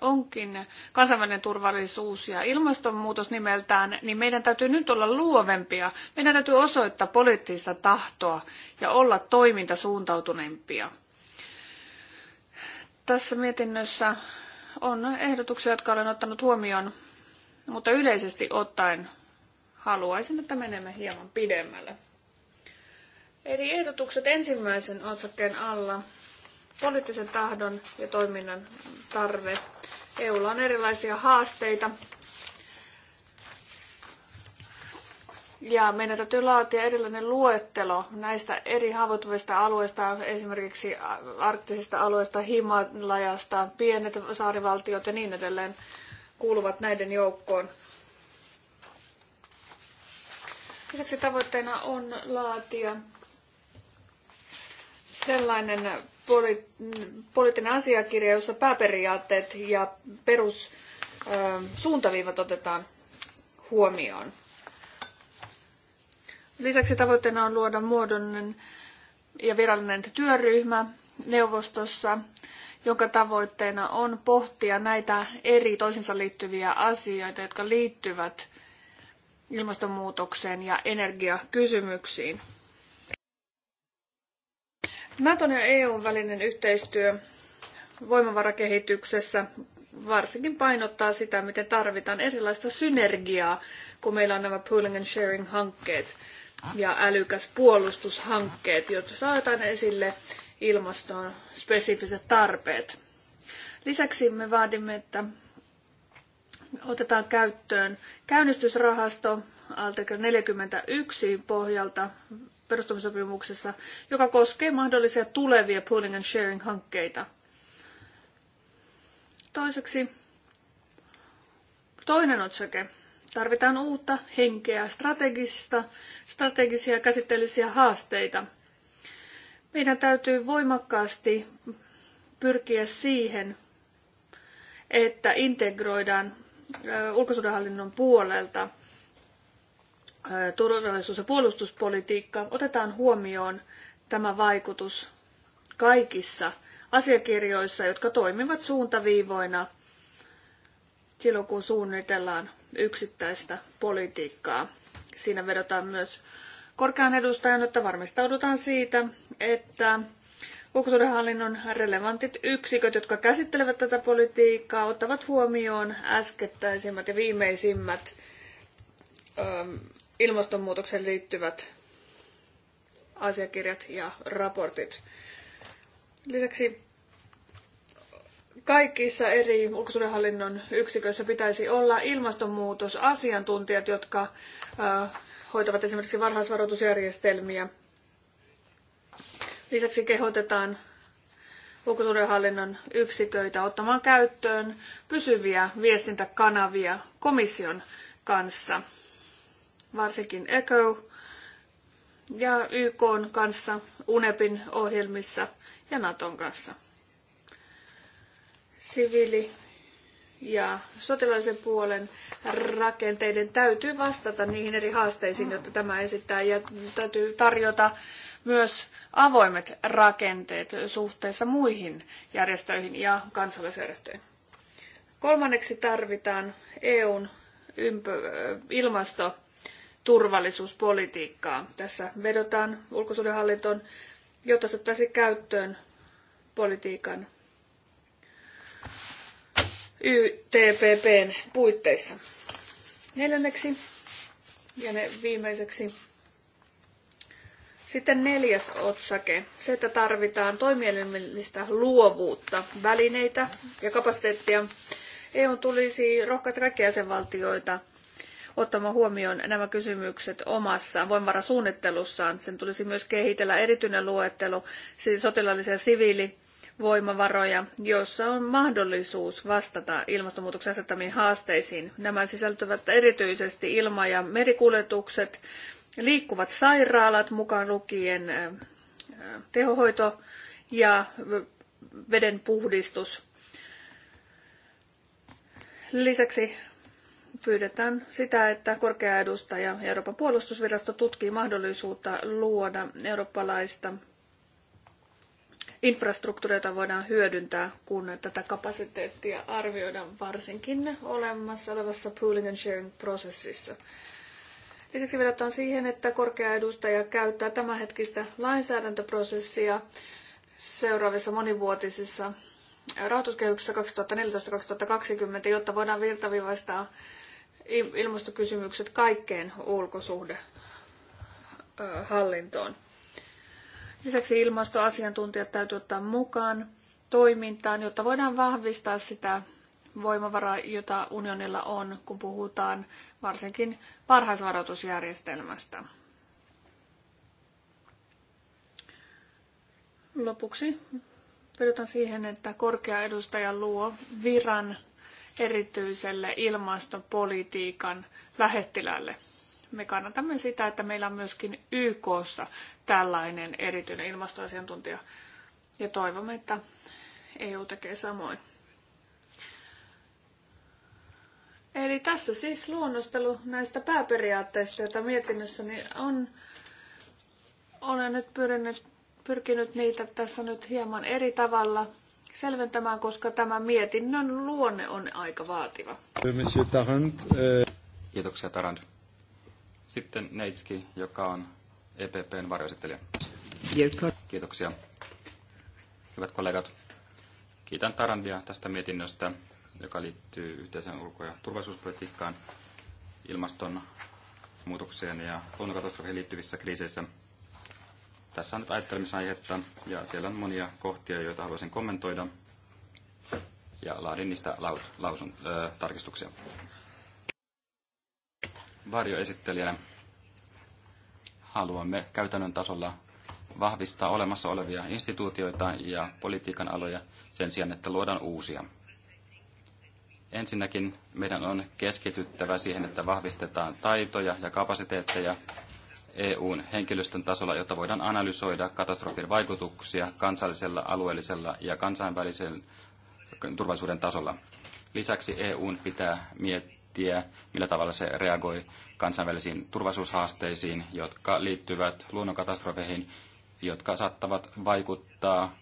onkin kansainvälinen turvallisuus ja ilmastonmuutos nimeltään, niin meidän täytyy nyt olla luovempia. Meidän täytyy osoittaa poliittista tahtoa ja olla toimintasuuntautuneempia. Tässä mietinnössä on ehdotuksia, jotka olen ottanut huomioon, mutta yleisesti ottaen haluaisin, että menemme hieman pidemmälle. Eli ehdotukset ensimmäisen otsakkeen alla. Poliittisen tahdon ja toiminnan tarve. EUlla on erilaisia haasteita, Ja meidän täytyy laatia erilainen luettelo näistä eri haavoittuvista alueista, esimerkiksi arktisista alueista, Himalajasta, pienet saarivaltiot ja niin edelleen kuuluvat näiden joukkoon. Lisäksi tavoitteena on laatia sellainen poli- poliittinen asiakirja, jossa pääperiaatteet ja perussuuntaviivat otetaan huomioon. Lisäksi tavoitteena on luoda muodollinen ja virallinen työryhmä neuvostossa, jonka tavoitteena on pohtia näitä eri toisinsa liittyviä asioita, jotka liittyvät ilmastonmuutokseen ja energiakysymyksiin. Naton ja EUn välinen yhteistyö voimavarakehityksessä varsinkin painottaa sitä, miten tarvitaan erilaista synergiaa, kun meillä on nämä pooling and sharing-hankkeet ja älykäs puolustushankkeet, joita saatan esille ilmastoon spesifiset tarpeet. Lisäksi me vaadimme, että otetaan käyttöön käynnistysrahasto artikla 41 pohjalta perustumisopimuksessa, joka koskee mahdollisia tulevia pooling and sharing-hankkeita. Toiseksi toinen otsake Tarvitaan uutta henkeä, strategista, strategisia ja käsitteellisiä haasteita. Meidän täytyy voimakkaasti pyrkiä siihen, että integroidaan ulkosuudenhallinnon puolelta turvallisuus- ja puolustuspolitiikka. Otetaan huomioon tämä vaikutus kaikissa asiakirjoissa, jotka toimivat suuntaviivoina silloin, kun suunnitellaan yksittäistä politiikkaa. Siinä vedotaan myös korkean edustajan, että varmistaudutaan siitä, että ulkosuudenhallinnon relevantit yksiköt, jotka käsittelevät tätä politiikkaa, ottavat huomioon äskettäisimmät ja viimeisimmät ähm, ilmastonmuutokseen liittyvät asiakirjat ja raportit. Lisäksi kaikissa eri ulkosuhdehallinnon yksiköissä pitäisi olla ilmastonmuutosasiantuntijat, jotka hoitavat esimerkiksi varhaisvaroitusjärjestelmiä. Lisäksi kehotetaan ulkosuhdehallinnon yksiköitä ottamaan käyttöön pysyviä viestintäkanavia komission kanssa, varsinkin ECO ja YK kanssa, UNEPin ohjelmissa ja Naton kanssa siviili- ja sotilaisen puolen rakenteiden täytyy vastata niihin eri haasteisiin, jotta tämä esittää, ja täytyy tarjota myös avoimet rakenteet suhteessa muihin järjestöihin ja kansallisjärjestöihin. Kolmanneksi tarvitaan EUn ympö- ilmastoturvallisuuspolitiikkaa. Tässä vedotaan ulkosuudenhallintoon, jotta se ottaisi käyttöön politiikan YTPPn puitteissa. Neljänneksi ja ne viimeiseksi sitten neljäs otsake, se, että tarvitaan toimielimellistä luovuutta, välineitä ja kapasiteettia. EU tulisi rohkaista kaikkia jäsenvaltioita ottamaan huomioon nämä kysymykset omassa voimavarasuunnittelussaan. Sen tulisi myös kehitellä erityinen luettelo, siis sotilaallisia siviili- voimavaroja, joissa on mahdollisuus vastata ilmastonmuutoksen asettamiin haasteisiin. Nämä sisältyvät erityisesti ilma- ja merikuljetukset, liikkuvat sairaalat mukaan lukien tehohoito ja veden puhdistus. Lisäksi pyydetään sitä, että korkea edustaja ja Euroopan puolustusvirasto tutkii mahdollisuutta luoda eurooppalaista infrastruktuuria, jota voidaan hyödyntää, kun tätä kapasiteettia arvioidaan varsinkin olemassa olevassa pooling and sharing-prosessissa. Lisäksi vedotaan siihen, että korkea edustaja käyttää tämänhetkistä lainsäädäntöprosessia seuraavissa monivuotisissa rahoituskehyksessä 2014-2020, jotta voidaan virtavivaistaa ilmastokysymykset kaikkeen ulkosuhdehallintoon. Lisäksi ilmastoasiantuntijat täytyy ottaa mukaan toimintaan, jotta voidaan vahvistaa sitä voimavaraa, jota unionilla on, kun puhutaan varsinkin varhaisvaroitusjärjestelmästä. Lopuksi vedotan siihen, että korkea edustaja luo viran erityiselle ilmastopolitiikan lähettilälle me kannatamme sitä, että meillä on myöskin YKssa tällainen erityinen ilmastoasiantuntija. Ja toivomme, että EU tekee samoin. Eli tässä siis luonnostelu näistä pääperiaatteista, joita mietinnössäni on. Olen nyt pyrkinyt, pyrkinyt niitä tässä nyt hieman eri tavalla selventämään, koska tämä mietinnön luonne on aika vaativa. Monsieur Tarant, eh. Kiitoksia Tarant sitten Neitski, joka on EPPn varjoesittelijä. Kiitoksia. Hyvät kollegat, kiitän Tarandia tästä mietinnöstä, joka liittyy yhteiseen ulko- ja turvallisuuspolitiikkaan, ilmastonmuutokseen ja luonnonkatastrofiin liittyvissä kriiseissä. Tässä on nyt ajattelemisaihetta ja siellä on monia kohtia, joita haluaisin kommentoida ja laadin niistä lausun- äh, tarkistuksia varjoesittelijänä haluamme käytännön tasolla vahvistaa olemassa olevia instituutioita ja politiikan aloja sen sijaan, että luodaan uusia. Ensinnäkin meidän on keskityttävä siihen, että vahvistetaan taitoja ja kapasiteetteja EUn henkilöstön tasolla, jotta voidaan analysoida katastrofin vaikutuksia kansallisella, alueellisella ja kansainvälisen turvallisuuden tasolla. Lisäksi EUn pitää miettiä, tie, millä tavalla se reagoi kansainvälisiin turvallisuushaasteisiin, jotka liittyvät luonnonkatastrofeihin, jotka saattavat vaikuttaa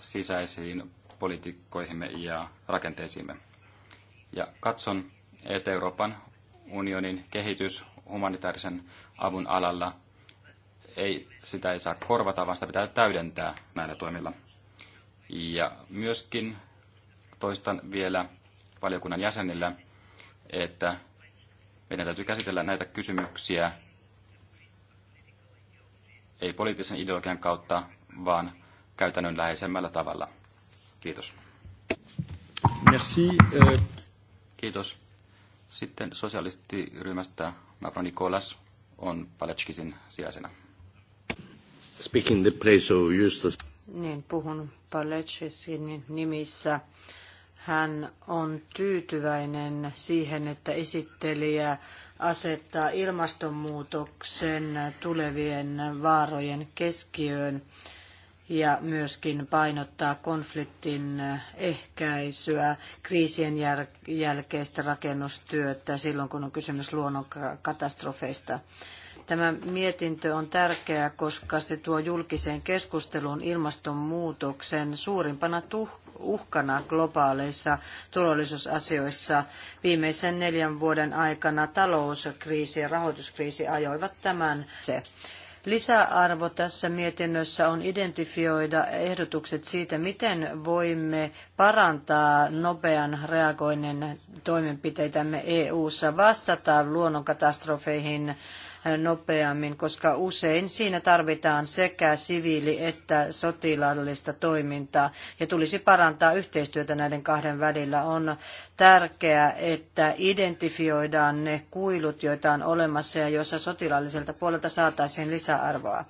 sisäisiin politiikkoihimme ja rakenteisiimme. Ja katson, että Euroopan unionin kehitys humanitaarisen avun alalla ei, sitä ei saa korvata, vaan sitä pitää täydentää näillä toimilla. Ja myöskin toistan vielä valiokunnan jäsenillä, että meidän täytyy käsitellä näitä kysymyksiä ei poliittisen ideologian kautta, vaan käytännönläheisemmällä tavalla. Kiitos. Merci. Euh, Kiitos. Sitten sosialistiryhmästä Mavro Nikolas on Paletskisin sijaisena. Speaking the place of Justus. Niin, puhun Paletskisin nimissä hän on tyytyväinen siihen, että esittelijä asettaa ilmastonmuutoksen tulevien vaarojen keskiöön ja myöskin painottaa konfliktin ehkäisyä, kriisien jälkeistä rakennustyötä silloin, kun on kysymys luonnonkatastrofeista. Tämä mietintö on tärkeä, koska se tuo julkiseen keskusteluun ilmastonmuutoksen suurimpana uhkana globaaleissa turvallisuusasioissa. Viimeisen neljän vuoden aikana talouskriisi ja rahoituskriisi ajoivat tämän se. Lisäarvo tässä mietinnössä on identifioida ehdotukset siitä, miten voimme parantaa nopean reagoinnin toimenpiteitämme EU-ssa, vastata luonnonkatastrofeihin, nopeammin, koska usein siinä tarvitaan sekä siviili- että sotilaallista toimintaa ja tulisi parantaa yhteistyötä näiden kahden välillä. On tärkeää, että identifioidaan ne kuilut, joita on olemassa ja joissa sotilaalliselta puolelta saataisiin lisäarvoa.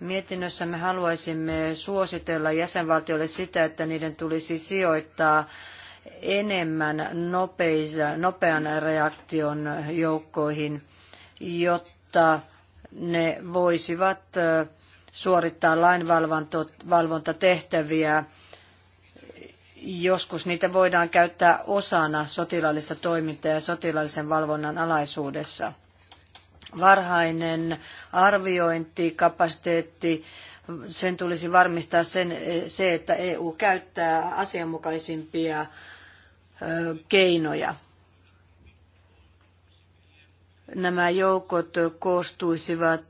Mietinnössä me haluaisimme suositella jäsenvaltioille sitä, että niiden tulisi sijoittaa enemmän nopeis, nopean reaktion joukkoihin, jotta jotta ne voisivat suorittaa lainvalvontatehtäviä. Joskus niitä voidaan käyttää osana sotilaallista toimintaa ja sotilaallisen valvonnan alaisuudessa. Varhainen arviointi, sen tulisi varmistaa sen, e, se, että EU käyttää asianmukaisimpia keinoja nämä joukot koostuisivat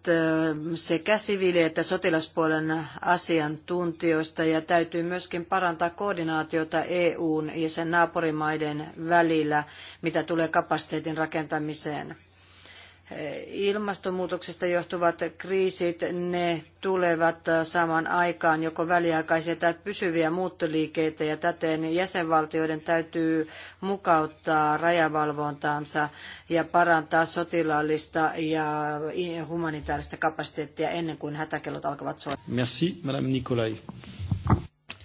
sekä siviili- että sotilaspuolen asiantuntijoista ja täytyy myöskin parantaa koordinaatiota EUn ja sen naapurimaiden välillä, mitä tulee kapasiteetin rakentamiseen. Ilmastonmuutoksesta johtuvat kriisit, ne tulevat saman aikaan joko väliaikaisia tai pysyviä muuttoliikkeitä ja täten jäsenvaltioiden täytyy mukauttaa rajavalvontaansa ja parantaa sotilaallista ja humanitaarista kapasiteettia ennen kuin hätäkellot alkavat soida. Merci, Madame Nikolai.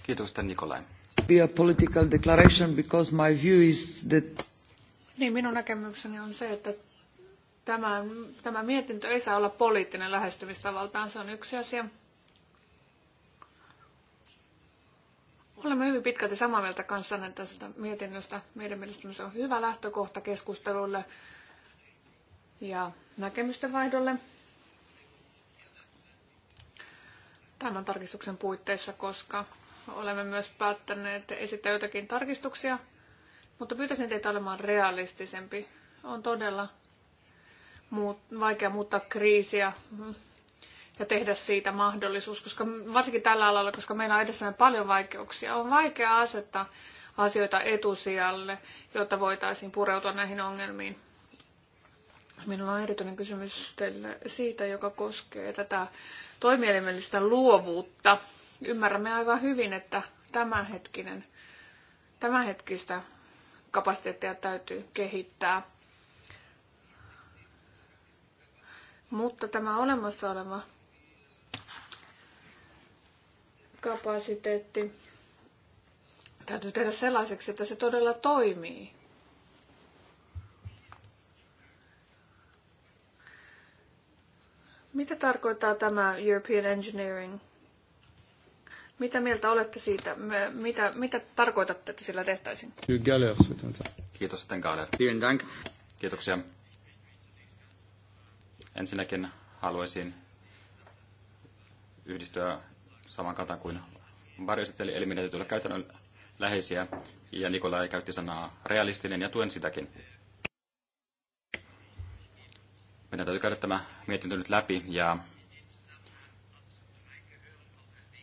Kiitos, Nikolai. Be a political declaration because my view is that... Niin, minun näkemykseni on se, että Tämä, tämä mietintö ei saa olla poliittinen lähestymistavaltaan, se on yksi asia. Olemme hyvin pitkälti samaa mieltä kanssanne tästä mietinnöstä. Meidän mielestämme se on hyvä lähtökohta keskustelulle ja näkemysten vaihdolle tämän tarkistuksen puitteissa, koska olemme myös päättäneet esittää jotakin tarkistuksia, mutta pyytäisin teitä olemaan realistisempi. On todella muut, vaikea muuttaa kriisiä mm, ja tehdä siitä mahdollisuus, koska varsinkin tällä alalla, koska meillä on edessämme paljon vaikeuksia, on vaikea asettaa asioita etusijalle, jotta voitaisiin pureutua näihin ongelmiin. Minulla on erityinen kysymys teille siitä, joka koskee tätä toimielimellistä luovuutta. Ymmärrämme aivan hyvin, että tämänhetkinen, tämänhetkistä kapasiteettia täytyy kehittää Mutta tämä olemassa oleva kapasiteetti täytyy tehdä sellaiseksi, että se todella toimii. Mitä tarkoittaa tämä European Engineering? Mitä mieltä olette siitä? Mitä, mitä tarkoitatte, että sillä tehtäisiin? Kiitos sitten Galler. Kiitoksia. Ensinnäkin haluaisin yhdistyä saman katan kuin Varjoiset, eli meidän täytyy olla käytännön läheisiä. Ja Nikolai käytti sanaa realistinen ja tuen sitäkin. Meidän täytyy käydä tämä mietintö nyt läpi ja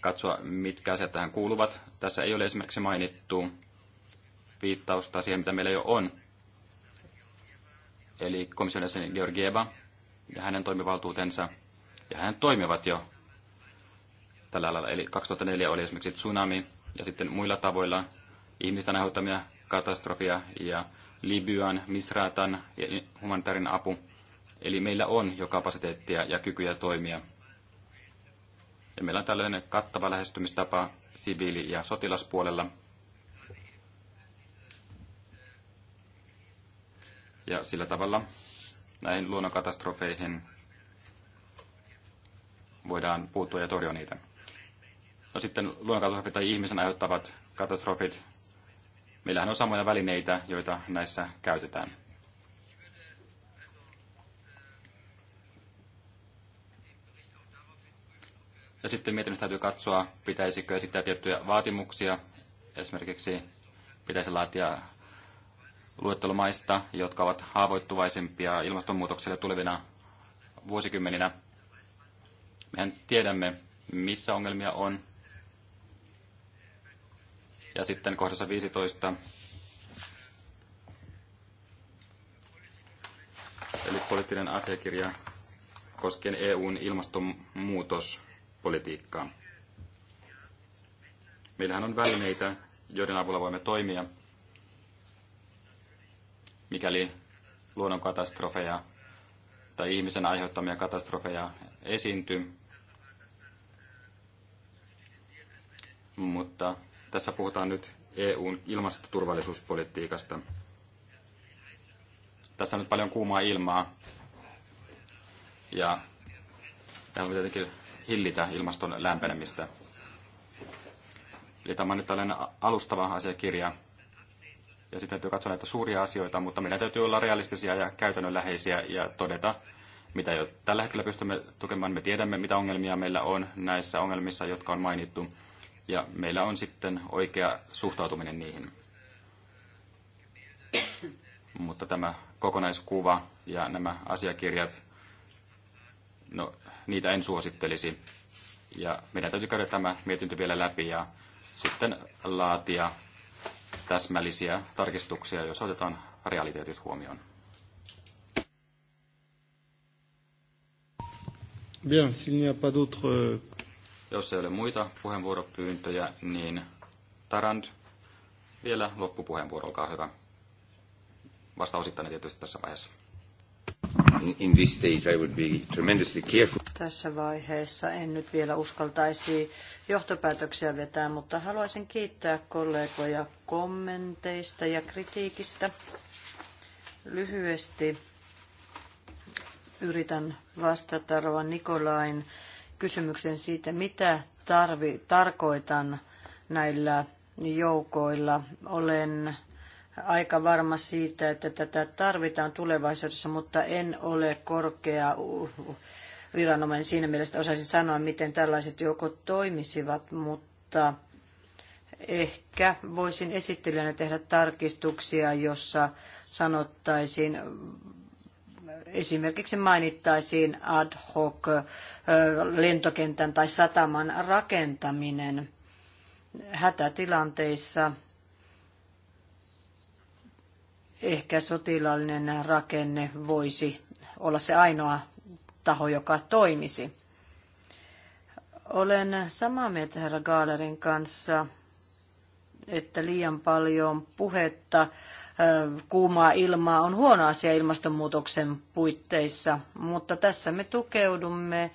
katsoa, mitkä asiat tähän kuuluvat. Tässä ei ole esimerkiksi mainittu viittausta siihen, mitä meillä jo on. Eli komission jäsen Georgieva ja hänen toimivaltuutensa. Ja hän toimivat jo tällä alalla. Eli 2004 oli esimerkiksi tsunami ja sitten muilla tavoilla ihmisten aiheuttamia katastrofia ja Libyan, Misratan humanitaarinen apu. Eli meillä on jo kapasiteettia ja kykyjä toimia. Ja meillä on tällainen kattava lähestymistapa siviili- ja sotilaspuolella. Ja sillä tavalla näihin luonnonkatastrofeihin voidaan puuttua ja torjua niitä. No sitten luonnonkatastrofit tai ihmisen aiheuttavat katastrofit, meillähän on samoja välineitä, joita näissä käytetään. Ja sitten mietinnössä täytyy katsoa, pitäisikö esittää tiettyjä vaatimuksia. Esimerkiksi pitäisi laatia luettelo maista, jotka ovat haavoittuvaisempia ilmastonmuutokselle tulevina vuosikymmeninä. Mehän tiedämme, missä ongelmia on. Ja sitten kohdassa 15. Eli poliittinen asiakirja koskien EUn ilmastonmuutospolitiikkaa. Meillähän on välineitä, joiden avulla voimme toimia – mikäli luonnonkatastrofeja tai ihmisen aiheuttamia katastrofeja esiintyy. Mutta tässä puhutaan nyt EUn ilmastoturvallisuuspolitiikasta. Tässä on nyt paljon kuumaa ilmaa ja tähän on tietenkin hillitä ilmaston lämpenemistä. Eli tämä on nyt tällainen alustava asiakirja, ja sitten täytyy katsoa näitä suuria asioita, mutta meidän täytyy olla realistisia ja käytännönläheisiä ja todeta, mitä jo tällä hetkellä pystymme tukemaan. Me tiedämme, mitä ongelmia meillä on näissä ongelmissa, jotka on mainittu, ja meillä on sitten oikea suhtautuminen niihin. mutta tämä kokonaiskuva ja nämä asiakirjat, no niitä en suosittelisi. Ja meidän täytyy käydä tämä mietintö vielä läpi ja sitten laatia täsmällisiä tarkistuksia, jos otetaan realiteetit huomioon. Bien, s'il n'y a pas d'autres... Euh, jos ei ole muita puheenvuoropyyntöjä, niin Tarand, vielä loppupuheenvuoro, olkaa hyvä. Vasta osittain tietysti tässä vaiheessa. In this stage I would be tremendously careful. Tässä vaiheessa en nyt vielä uskaltaisi johtopäätöksiä vetää, mutta haluaisin kiittää kollegoja kommenteista ja kritiikistä. Lyhyesti yritän vastata Rova Nikolain kysymykseen siitä, mitä tarvi, tarkoitan näillä joukoilla. Olen aika varma siitä, että tätä tarvitaan tulevaisuudessa, mutta en ole korkea viranomainen siinä mielessä osaisin sanoa, miten tällaiset joukot toimisivat, mutta ehkä voisin esittelijänä tehdä tarkistuksia, jossa sanottaisiin esimerkiksi mainittaisiin ad hoc lentokentän tai sataman rakentaminen hätätilanteissa. Ehkä sotilaallinen rakenne voisi olla se ainoa taho, joka toimisi. Olen samaa mieltä herra Gaalerin kanssa, että liian paljon puhetta kuumaa ilmaa on huono asia ilmastonmuutoksen puitteissa, mutta tässä me tukeudumme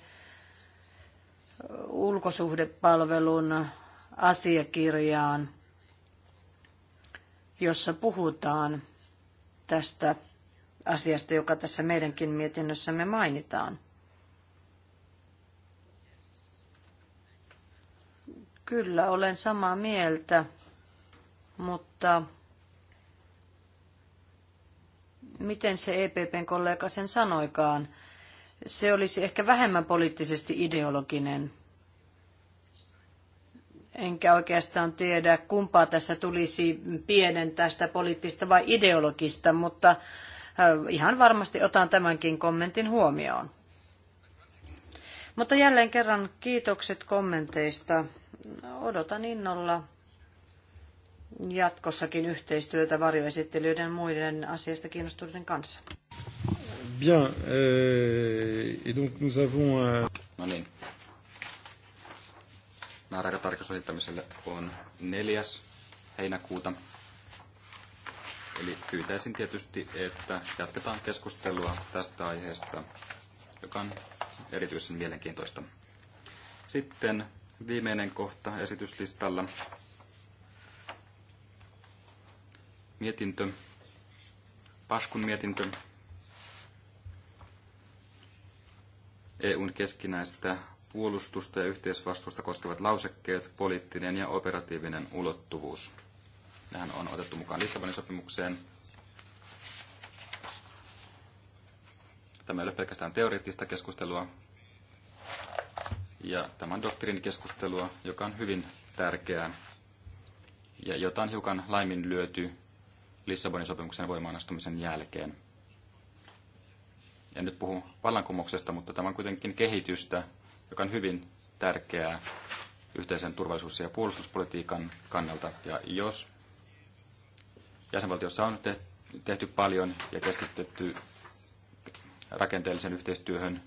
ulkosuhdepalvelun asiakirjaan, jossa puhutaan tästä asiasta, joka tässä meidänkin mietinnössämme mainitaan. Kyllä, olen samaa mieltä, mutta miten se EPPn kollega sen sanoikaan? Se olisi ehkä vähemmän poliittisesti ideologinen. Enkä oikeastaan tiedä, kumpaa tässä tulisi pienen tästä poliittista vai ideologista, mutta ihan varmasti otan tämänkin kommentin huomioon. Mutta jälleen kerran kiitokset kommenteista odotan innolla jatkossakin yhteistyötä varjoesittelyiden muiden asiasta kiinnostuneiden kanssa. Bien, euh, et donc nous avons... Euh... No niin. Määräaikatarkastusesittämiselle on 4. heinäkuuta. Eli pyytäisin tietysti, että jatketaan keskustelua tästä aiheesta, joka on erityisen mielenkiintoista. Sitten viimeinen kohta esityslistalla. Mietintö. Paskun mietintö. EUn keskinäistä puolustusta ja yhteisvastuusta koskevat lausekkeet, poliittinen ja operatiivinen ulottuvuus. Nehän on otettu mukaan Lissabonin sopimukseen. Tämä ei ole pelkästään teoreettista keskustelua, ja tämä on keskustelua, joka on hyvin tärkeää ja jota on hiukan laiminlyöty Lissabonin sopimuksen voimaanastumisen jälkeen. En nyt puhu vallankumouksesta, mutta tämä on kuitenkin kehitystä, joka on hyvin tärkeää yhteisen turvallisuus- ja puolustuspolitiikan kannalta. Ja jos jäsenvaltiossa on tehty paljon ja keskitytty rakenteellisen yhteistyöhön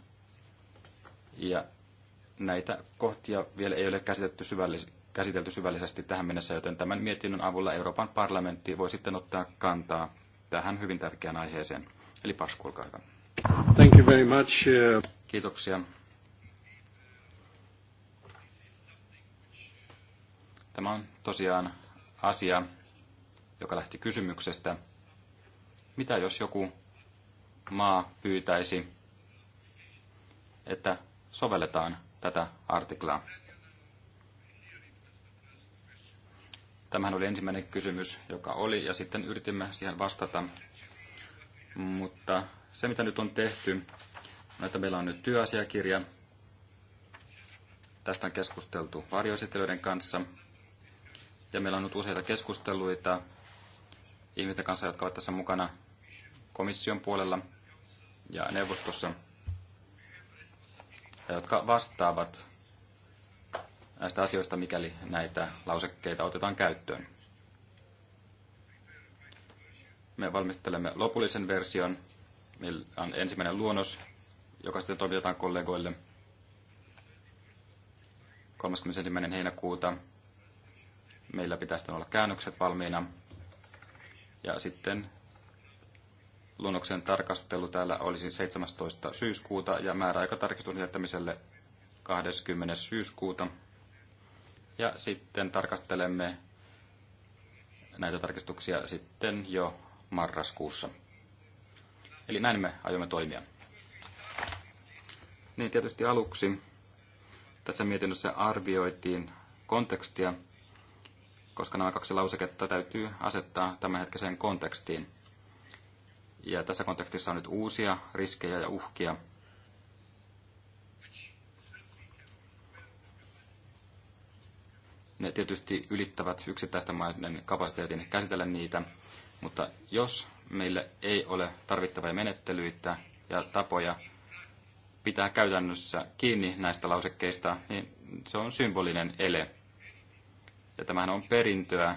ja näitä kohtia vielä ei ole käsitetty käsitelty syvällisesti tähän mennessä, joten tämän mietinnön avulla Euroopan parlamentti voi sitten ottaa kantaa tähän hyvin tärkeään aiheeseen. Eli Pasku, olkaa hyvä. Thank you very much. Uh, Kiitoksia. Tämä on tosiaan asia, joka lähti kysymyksestä, mitä jos joku maa pyytäisi, että sovelletaan tätä artiklaa. Tämähän oli ensimmäinen kysymys, joka oli, ja sitten yritimme siihen vastata. Mutta se, mitä nyt on tehty, on, että meillä on nyt työasiakirja. Tästä on keskusteltu varjoesittelyiden kanssa. Ja meillä on nyt useita keskusteluita ihmisten kanssa, jotka ovat tässä mukana komission puolella ja neuvostossa – ja jotka vastaavat näistä asioista, mikäli näitä lausekkeita otetaan käyttöön. Me valmistelemme lopullisen version, meillä on ensimmäinen luonnos, joka sitten toimitetaan kollegoille 31. heinäkuuta. Meillä pitäisi olla käännökset valmiina. Ja sitten Luonnoksen tarkastelu täällä olisi 17. syyskuuta ja määräaikatarkistuksen jättämiselle 20. syyskuuta. Ja sitten tarkastelemme näitä tarkistuksia sitten jo marraskuussa. Eli näin me aiomme toimia. Niin tietysti aluksi tässä mietinnössä arvioitiin kontekstia, koska nämä kaksi lauseketta täytyy asettaa tämänhetkiseen kontekstiin. Ja tässä kontekstissa on nyt uusia riskejä ja uhkia. Ne tietysti ylittävät yksittäisten maiden kapasiteetin käsitellä niitä, mutta jos meillä ei ole tarvittavia menettelyitä ja tapoja pitää käytännössä kiinni näistä lausekkeista, niin se on symbolinen ele. Ja tämähän on perintöä.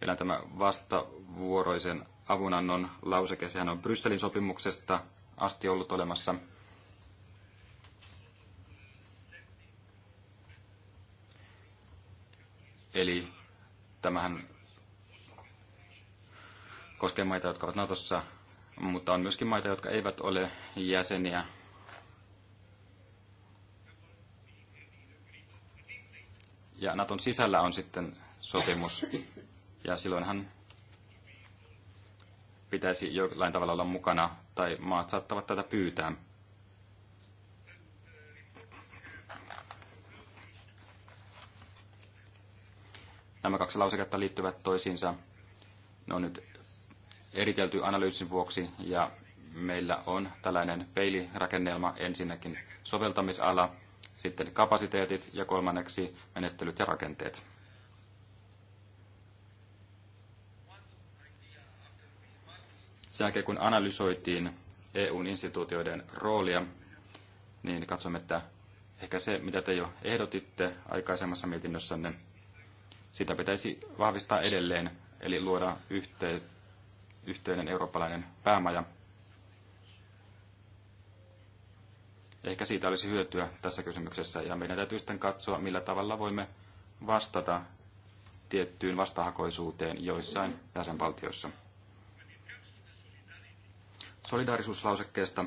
Meillä on tämä vastavuoroisen avunannon lauseke. Sehän on Brysselin sopimuksesta asti ollut olemassa. Eli tämähän koskee maita, jotka ovat Natossa, mutta on myöskin maita, jotka eivät ole jäseniä. Ja Naton sisällä on sitten sopimus, ja silloinhan pitäisi jollain tavalla olla mukana, tai maat saattavat tätä pyytää. Nämä kaksi lauseketta liittyvät toisiinsa. Ne on nyt eritelty analyysin vuoksi, ja meillä on tällainen peilirakennelma ensinnäkin soveltamisala, sitten kapasiteetit ja kolmanneksi menettelyt ja rakenteet. Sen jälkeen kun analysoitiin EUn instituutioiden roolia, niin katsomme, että ehkä se, mitä te jo ehdotitte aikaisemmassa mietinnössänne, sitä pitäisi vahvistaa edelleen, eli luoda yhteinen eurooppalainen päämaja. Ehkä siitä olisi hyötyä tässä kysymyksessä, ja meidän täytyy sitten katsoa, millä tavalla voimme vastata tiettyyn vastahakoisuuteen joissain jäsenvaltioissa solidaarisuuslausekkeesta.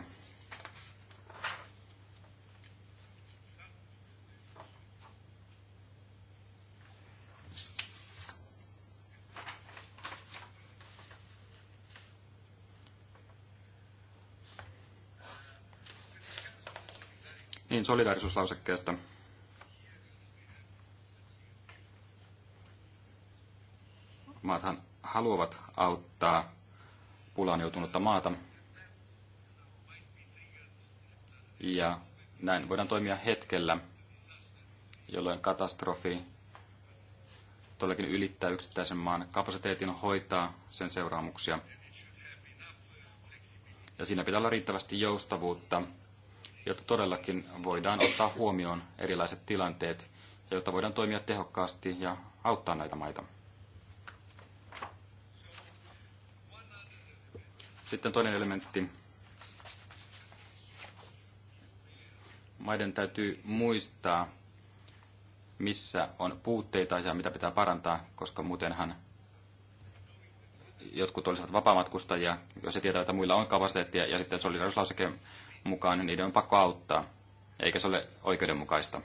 Niin, solidaarisuuslausekkeesta. Maathan haluavat auttaa pulaan joutunutta maata, ja näin voidaan toimia hetkellä, jolloin katastrofi todellakin ylittää yksittäisen maan kapasiteetin hoitaa sen seuraamuksia. Ja siinä pitää olla riittävästi joustavuutta, jotta todellakin voidaan ottaa huomioon erilaiset tilanteet ja jotta voidaan toimia tehokkaasti ja auttaa näitä maita. Sitten toinen elementti maiden täytyy muistaa, missä on puutteita ja mitä pitää parantaa, koska muutenhan jotkut olisivat vapaamatkustajia, jos se tietää, että muilla on kapasiteettia, ja sitten solidarisuuslauseke mukaan niin niiden on pakko auttaa, eikä se ole oikeudenmukaista.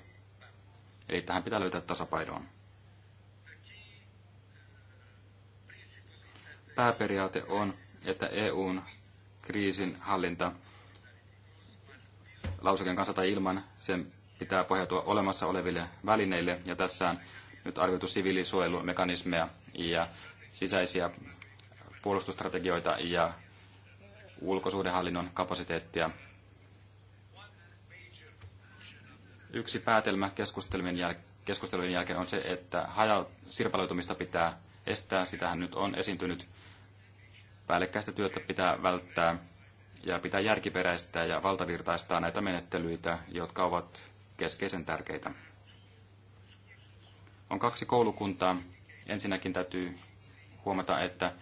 Eli tähän pitää löytää tasapainoa. Pääperiaate on, että EUn kriisin hallinta lauseken kanssa tai ilman, sen pitää pohjautua olemassa oleville välineille, ja tässä on nyt arvioitu siviilisuojelumekanismeja ja sisäisiä puolustustrategioita ja ulkosuhdehallinnon kapasiteettia. Yksi päätelmä keskustelujen, jäl- keskustelujen jälkeen on se, että haja- sirpaloitumista pitää estää. Sitähän nyt on esiintynyt. Päällekkäistä työtä pitää välttää ja pitää järkiperäistää ja valtavirtaistaa näitä menettelyitä, jotka ovat keskeisen tärkeitä. On kaksi koulukuntaa. Ensinnäkin täytyy huomata, että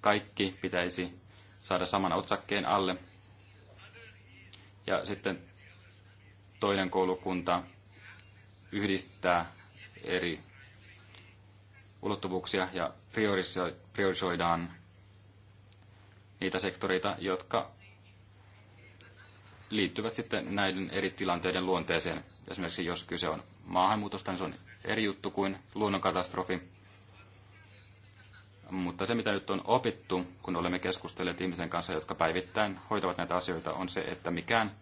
kaikki pitäisi saada saman otsakkeen alle. Ja sitten toinen koulukunta yhdistää eri ulottuvuuksia ja priorisoidaan niitä sektoreita, jotka liittyvät sitten näiden eri tilanteiden luonteeseen. Esimerkiksi jos kyse on maahanmuutosta, niin se on eri juttu kuin luonnonkatastrofi. Mutta se, mitä nyt on opittu, kun olemme keskustelleet ihmisen kanssa, jotka päivittäin hoitavat näitä asioita, on se, että mikään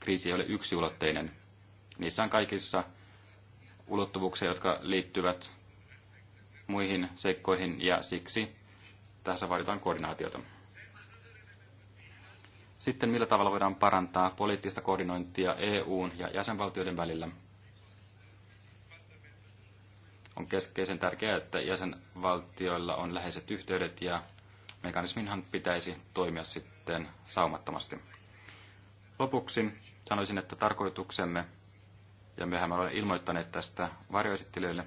kriisi ei ole yksiulotteinen. Niissä on kaikissa ulottuvuuksia, jotka liittyvät muihin seikkoihin, ja siksi tässä vaaditaan koordinaatiota. Sitten millä tavalla voidaan parantaa poliittista koordinointia EUn ja jäsenvaltioiden välillä? On keskeisen tärkeää, että jäsenvaltioilla on läheiset yhteydet ja mekanisminhan pitäisi toimia sitten saumattomasti. Lopuksi sanoisin, että tarkoituksemme, ja mehän olemme ilmoittaneet tästä varjoesittelijöille,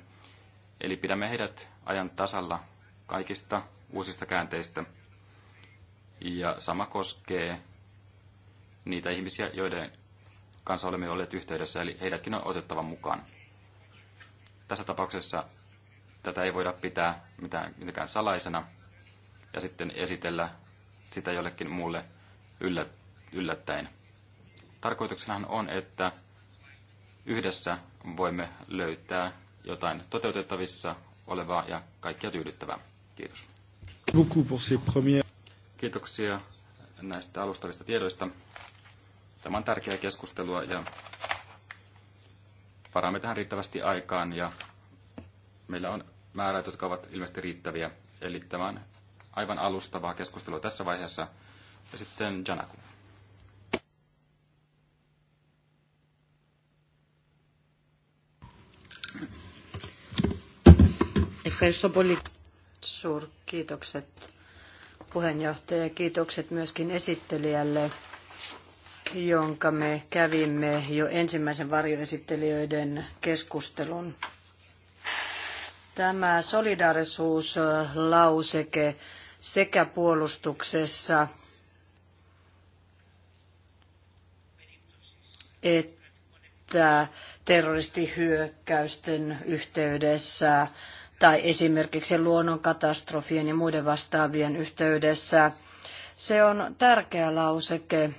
eli pidämme heidät ajan tasalla kaikista uusista käänteistä. Ja sama koskee niitä ihmisiä, joiden kanssa olemme olleet yhteydessä, eli heidätkin on otettava mukaan. Tässä tapauksessa tätä ei voida pitää mitään, mitenkään salaisena ja sitten esitellä sitä jollekin muulle yllättäen. Tarkoituksenahan on, että yhdessä voimme löytää jotain toteutettavissa olevaa ja kaikkia tyydyttävää. Kiitos. Kiitoksia näistä alustavista tiedoista. Tämä on tärkeää keskustelua ja varaamme tähän riittävästi aikaan ja meillä on määrät, jotka ovat ilmeisesti riittäviä. Eli tämä on aivan alustavaa keskustelua tässä vaiheessa. Ja sitten Janaku. Ευχαριστώ πολύ. Suur kiitokset puheenjohtaja ja kiitokset myöskin esittelijälle jonka me kävimme jo ensimmäisen varjoesittelijöiden keskustelun. Tämä solidaarisuuslauseke sekä puolustuksessa että terroristihyökkäysten yhteydessä tai esimerkiksi luonnonkatastrofien ja muiden vastaavien yhteydessä. Se on tärkeä lauseke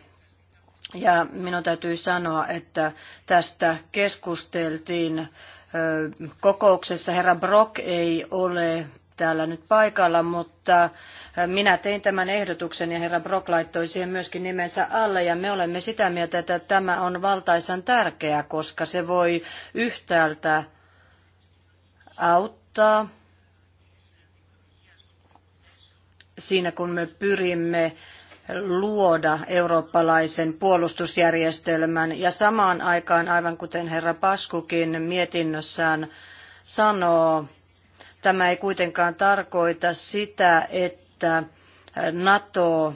ja minun täytyy sanoa, että tästä keskusteltiin kokouksessa. Herra Brock ei ole täällä nyt paikalla, mutta minä tein tämän ehdotuksen ja herra Brock laittoi siihen myöskin nimensä alle ja me olemme sitä mieltä, että tämä on valtaisan tärkeää, koska se voi yhtäältä auttaa siinä, kun me pyrimme luoda eurooppalaisen puolustusjärjestelmän ja samaan aikaan, aivan kuten herra Paskukin mietinnössään sanoo, tämä ei kuitenkaan tarkoita sitä, että NATO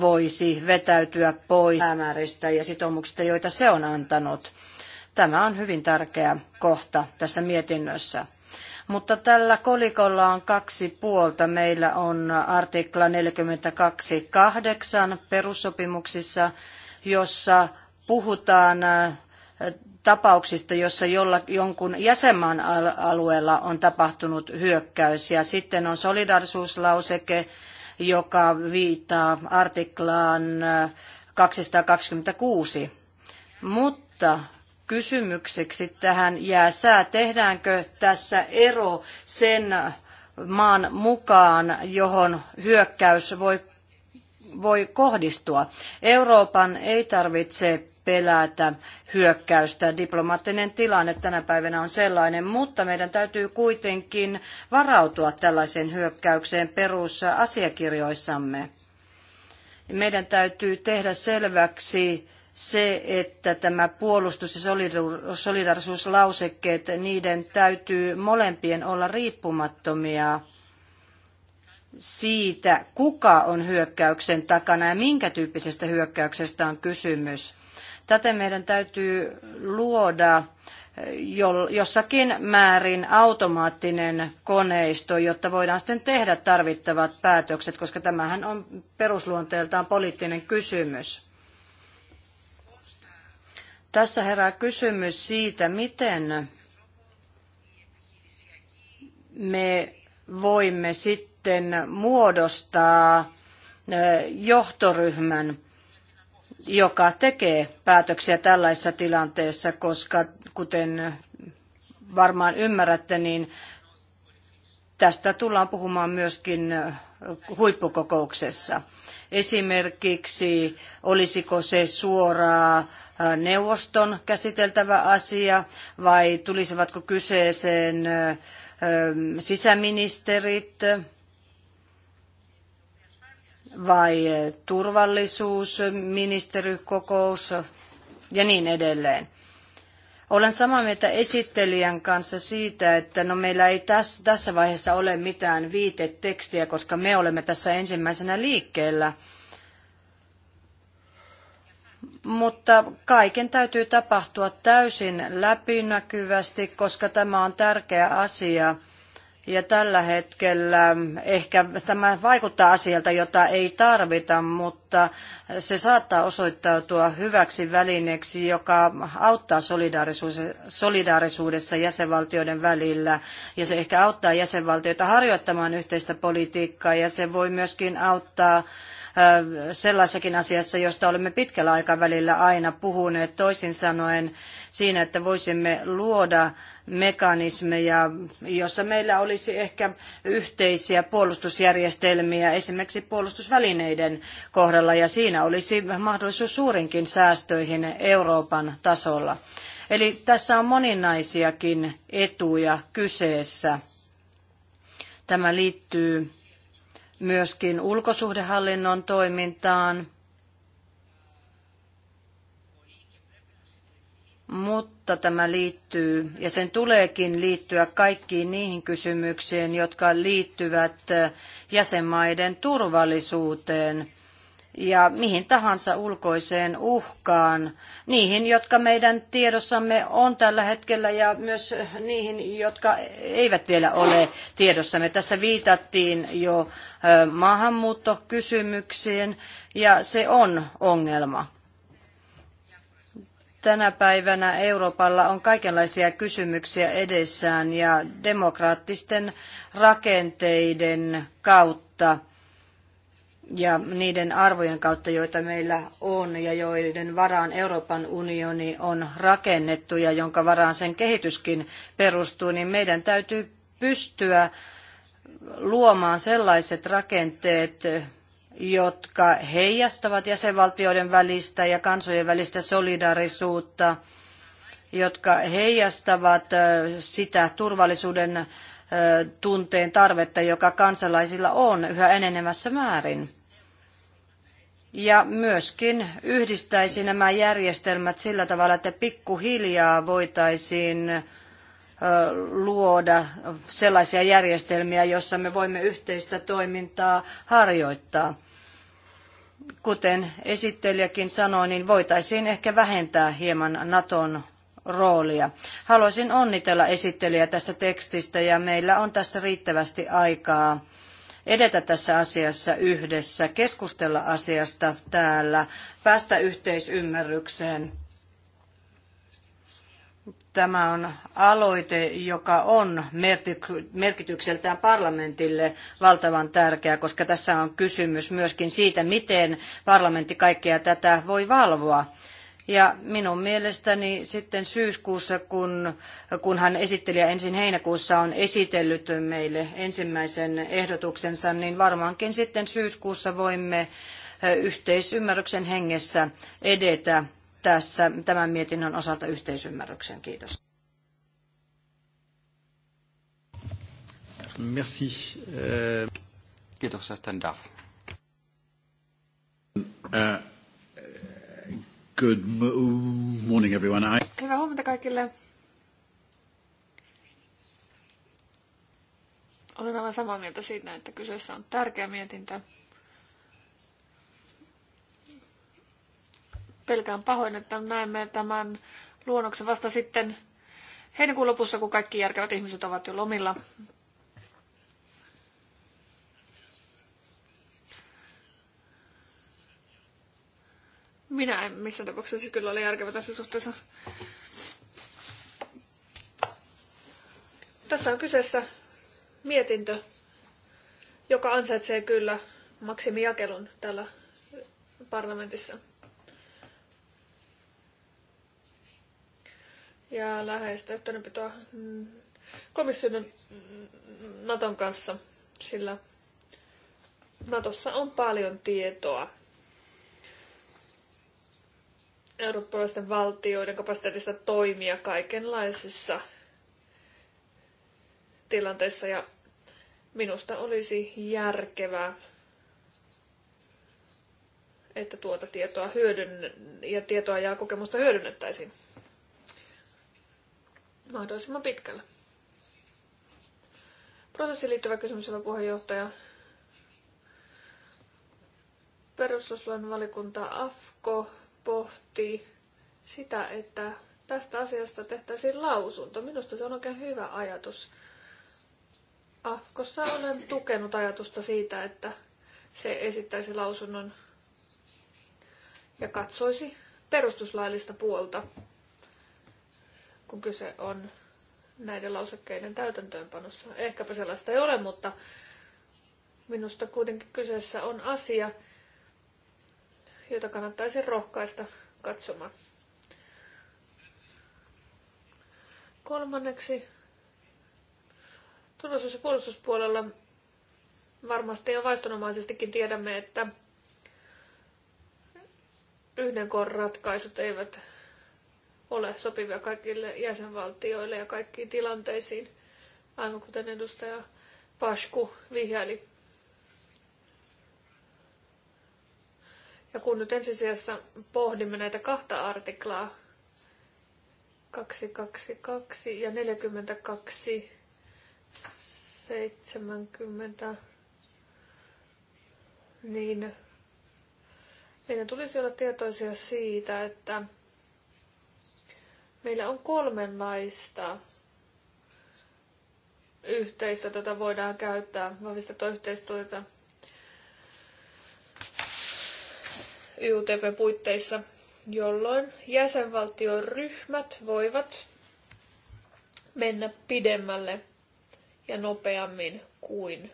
voisi vetäytyä pois päämääristä ja sitoumuksista, joita se on antanut. Tämä on hyvin tärkeä kohta tässä mietinnössä. Mutta tällä kolikolla on kaksi puolta. Meillä on artikla 42.8 perussopimuksissa, jossa puhutaan äh, tapauksista, jossa jolla, jonkun jäsenmaan alueella on tapahtunut hyökkäys. Ja sitten on solidarisuuslauseke, joka viittaa artiklaan 226. Äh, Mutta kysymykseksi tähän jää sää. Tehdäänkö tässä ero sen maan mukaan, johon hyökkäys voi, voi kohdistua? Euroopan ei tarvitse pelätä hyökkäystä. Diplomaattinen tilanne tänä päivänä on sellainen, mutta meidän täytyy kuitenkin varautua tällaiseen hyökkäykseen perusasiakirjoissamme. Meidän täytyy tehdä selväksi se, että tämä puolustus- ja solidarisuuslausekkeet, niiden täytyy molempien olla riippumattomia siitä, kuka on hyökkäyksen takana ja minkä tyyppisestä hyökkäyksestä on kysymys. Täten meidän täytyy luoda jossakin määrin automaattinen koneisto, jotta voidaan sitten tehdä tarvittavat päätökset, koska tämähän on perusluonteeltaan poliittinen kysymys. Tässä herää kysymys siitä, miten me voimme sitten muodostaa johtoryhmän, joka tekee päätöksiä tällaisessa tilanteessa, koska kuten varmaan ymmärrätte, niin tästä tullaan puhumaan myöskin huippukokouksessa. Esimerkiksi olisiko se suoraa neuvoston käsiteltävä asia vai tulisivatko kyseeseen sisäministerit vai turvallisuusministerikokous ja niin edelleen. Olen samaa mieltä esittelijän kanssa siitä, että no meillä ei tässä, tässä vaiheessa ole mitään viitetekstiä, koska me olemme tässä ensimmäisenä liikkeellä. Mutta kaiken täytyy tapahtua täysin läpinäkyvästi, koska tämä on tärkeä asia ja tällä hetkellä ehkä tämä vaikuttaa asialta, jota ei tarvita, mutta se saattaa osoittautua hyväksi välineeksi, joka auttaa solidaarisuudessa jäsenvaltioiden välillä. Ja se ehkä auttaa jäsenvaltioita harjoittamaan yhteistä politiikkaa ja se voi myöskin auttaa sellaisessakin asiassa, josta olemme pitkällä aikavälillä aina puhuneet, toisin sanoen siinä, että voisimme luoda mekanismeja, jossa meillä olisi ehkä yhteisiä puolustusjärjestelmiä esimerkiksi puolustusvälineiden kohdalla ja siinä olisi mahdollisuus suurinkin säästöihin Euroopan tasolla. Eli tässä on moninaisiakin etuja kyseessä. Tämä liittyy myöskin ulkosuhdehallinnon toimintaan mutta tämä liittyy ja sen tuleekin liittyä kaikkiin niihin kysymyksiin, jotka liittyvät jäsenmaiden turvallisuuteen ja mihin tahansa ulkoiseen uhkaan, niihin, jotka meidän tiedossamme on tällä hetkellä ja myös niihin, jotka eivät vielä ole tiedossamme. Tässä viitattiin jo maahanmuuttokysymyksiin ja se on ongelma. Tänä päivänä Euroopalla on kaikenlaisia kysymyksiä edessään ja demokraattisten rakenteiden kautta ja niiden arvojen kautta, joita meillä on ja joiden varaan Euroopan unioni on rakennettu ja jonka varaan sen kehityskin perustuu, niin meidän täytyy pystyä luomaan sellaiset rakenteet, jotka heijastavat jäsenvaltioiden välistä ja kansojen välistä solidaarisuutta, jotka heijastavat sitä turvallisuuden tunteen tarvetta, joka kansalaisilla on yhä enenevässä määrin. Ja myöskin yhdistäisi nämä järjestelmät sillä tavalla, että pikkuhiljaa voitaisiin luoda sellaisia järjestelmiä, joissa me voimme yhteistä toimintaa harjoittaa. Kuten esittelijäkin sanoi, niin voitaisiin ehkä vähentää hieman Naton roolia. Haluaisin onnitella esittelijä tästä tekstistä ja meillä on tässä riittävästi aikaa edetä tässä asiassa yhdessä, keskustella asiasta täällä, päästä yhteisymmärrykseen Tämä on aloite, joka on merkitykseltään parlamentille valtavan tärkeä, koska tässä on kysymys myöskin siitä, miten parlamentti kaikkea tätä voi valvoa. Ja minun mielestäni sitten syyskuussa, kun, kunhan esittelijä ensin heinäkuussa on esitellyt meille ensimmäisen ehdotuksensa, niin varmaankin sitten syyskuussa voimme yhteisymmärryksen hengessä edetä tässä tämän mietinnön osalta yhteisymmärrykseen. Kiitos. Merci. Euh, Kiitoksia, Stan Duff. Äh, good morning everyone. I... Hyvää huomenta kaikille. Olen aivan samaa mieltä siitä, että kyseessä on tärkeä mietintö. Pelkään pahoin, että näemme tämän luonnoksen vasta sitten heinäkuun lopussa, kun kaikki järkevät ihmiset ovat jo lomilla. Minä en missään tapauksessa siis kyllä ole järkevä tässä suhteessa. Tässä on kyseessä mietintö, joka ansaitsee kyllä maksimijakelun täällä parlamentissa. ja läheistä yhteydenpitoa komission Naton kanssa, sillä Natossa on paljon tietoa eurooppalaisten valtioiden kapasiteetista toimia kaikenlaisissa tilanteissa ja minusta olisi järkevää, että tuota tietoa hyödyn ja tietoa ja kokemusta hyödynnettäisiin mahdollisimman pitkälle. Prosessiin liittyvä kysymys, hyvä puheenjohtaja. Perustuslain valikunta AFKO pohti sitä, että tästä asiasta tehtäisiin lausunto. Minusta se on oikein hyvä ajatus. AFKossa olen tukenut ajatusta siitä, että se esittäisi lausunnon ja katsoisi perustuslaillista puolta kun kyse on näiden lausekkeiden täytäntöönpanossa. Ehkäpä sellaista ei ole, mutta minusta kuitenkin kyseessä on asia, jota kannattaisi rohkaista katsomaan. Kolmanneksi turvallisuus- ja puolustuspuolella varmasti jo vaistonomaisestikin tiedämme, että yhden korratkaisut ratkaisut eivät ole sopivia kaikille jäsenvaltioille ja kaikkiin tilanteisiin, aivan kuten edustaja Pasku vihjaili. Ja kun nyt ensisijassa pohdimme näitä kahta artiklaa, 222 ja 42, 70, niin meidän tulisi olla tietoisia siitä, että Meillä on kolmenlaista yhteistä, jota voidaan käyttää, vahvistettua yhteistyötä YUTP-puitteissa, jolloin jäsenvaltioryhmät voivat mennä pidemmälle ja nopeammin kuin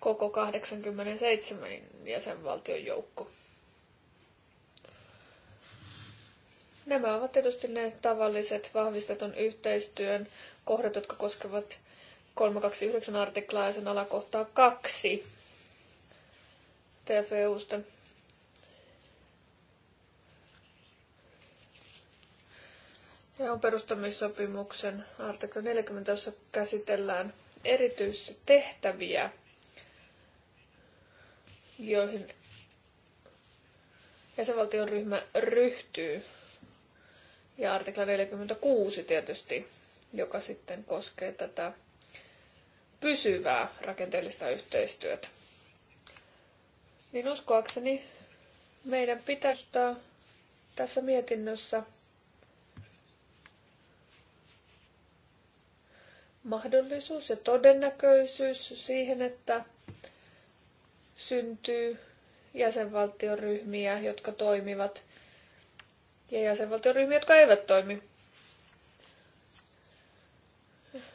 koko 87 jäsenvaltion joukko. Nämä ovat tietysti ne tavalliset vahvistetun yhteistyön kohdat, jotka koskevat 329 artiklaa ja sen alakohtaa 2 TFEUsta. Ja on perustamissopimuksen artikla 40, jossa käsitellään erityistehtäviä, joihin jäsenvaltion ryhmä ryhtyy ja artikla 46 tietysti, joka sitten koskee tätä pysyvää rakenteellista yhteistyötä. Niin uskoakseni meidän pitäisi tässä mietinnössä mahdollisuus ja todennäköisyys siihen, että syntyy jäsenvaltioryhmiä, jotka toimivat ja jäsenvaltioryhmiä, jotka eivät toimi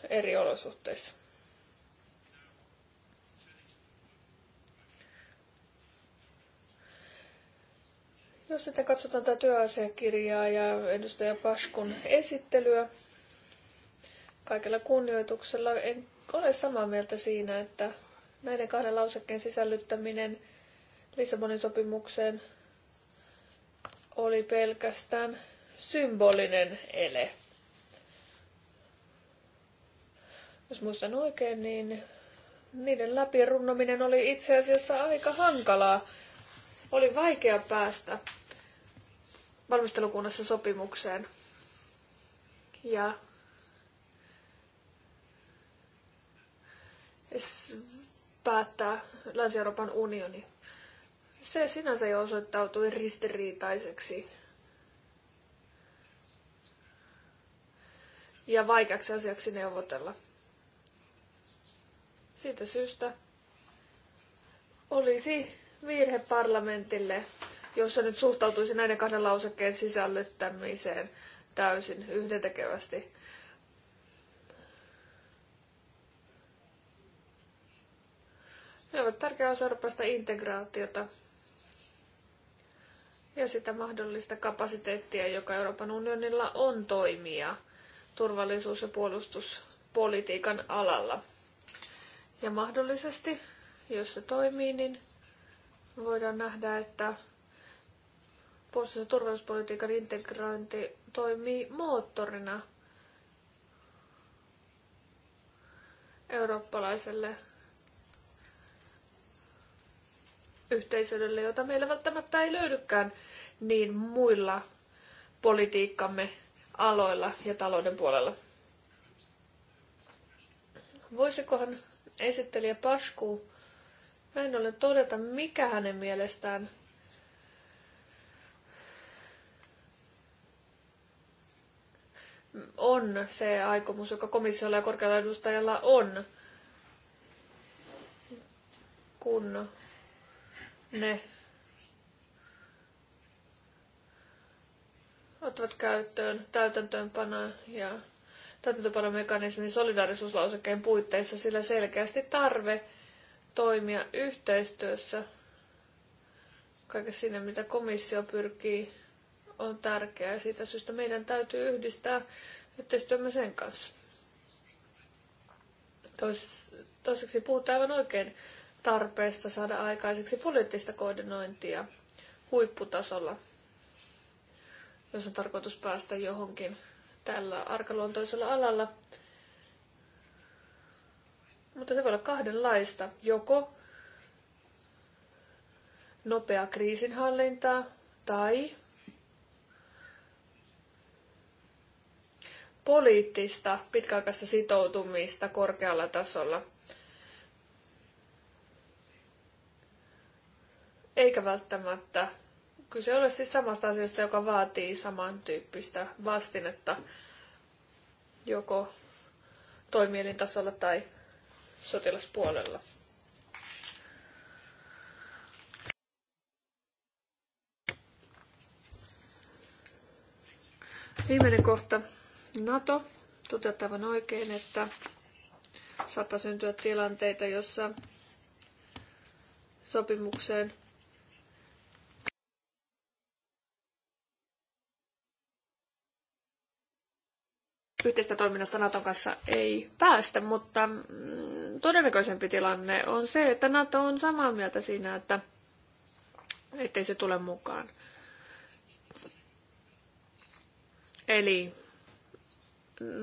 eri olosuhteissa. Jos sitten katsotaan tätä työasiakirjaa ja edustaja Paskun esittelyä, kaikella kunnioituksella en ole samaa mieltä siinä, että näiden kahden lausekkeen sisällyttäminen Lissabonin sopimukseen – oli pelkästään symbolinen ele. Jos muistan oikein, niin niiden läpi runnominen oli itse asiassa aika hankalaa. Oli vaikea päästä valmistelukunnassa sopimukseen. Ja päättää Länsi-Euroopan unioni se sinänsä jo osoittautui ristiriitaiseksi ja vaikeaksi asiaksi neuvotella. Siitä syystä olisi virhe parlamentille, jossa nyt suhtautuisi näiden kahden lausekkeen sisällyttämiseen täysin yhdentekevästi. Ne ovat tärkeä osa Euroopasta integraatiota ja sitä mahdollista kapasiteettia, joka Euroopan unionilla on toimia turvallisuus- ja puolustuspolitiikan alalla. Ja mahdollisesti, jos se toimii, niin voidaan nähdä, että puolustus- ja turvallisuuspolitiikan integrointi toimii moottorina eurooppalaiselle yhteisölle, jota meillä välttämättä ei löydykään niin muilla politiikkamme aloilla ja talouden puolella. Voisikohan esittelijä Pasku näin ollen todeta, mikä hänen mielestään on se aikomus, joka komissiolla ja korkealla edustajalla on, kun ne ottavat käyttöön täytäntöönpanoa ja täytäntöönpanomekanismin solidaarisuuslausekkeen puitteissa, sillä selkeästi tarve toimia yhteistyössä kaikessa siinä, mitä komissio pyrkii, on tärkeää. Ja siitä syystä meidän täytyy yhdistää yhteistyömme sen kanssa. Tois, toiseksi puhutaan aivan oikein tarpeesta saada aikaiseksi poliittista koordinointia huipputasolla – jos on tarkoitus päästä johonkin tällä arkaluontoisella alalla. Mutta se voi olla kahdenlaista. Joko nopea kriisinhallinta tai poliittista pitkäaikaista sitoutumista korkealla tasolla. Eikä välttämättä Kyse ole siis samasta asiasta, joka vaatii samantyyppistä vastinetta joko toimielintasolla tai sotilaspuolella. Viimeinen kohta. NATO toteuttavan oikein, että saattaa syntyä tilanteita, jossa sopimukseen yhteistä toiminnasta Naton kanssa ei päästä, mutta mm, todennäköisempi tilanne on se, että Nato on samaa mieltä siinä, että ettei se tule mukaan. Eli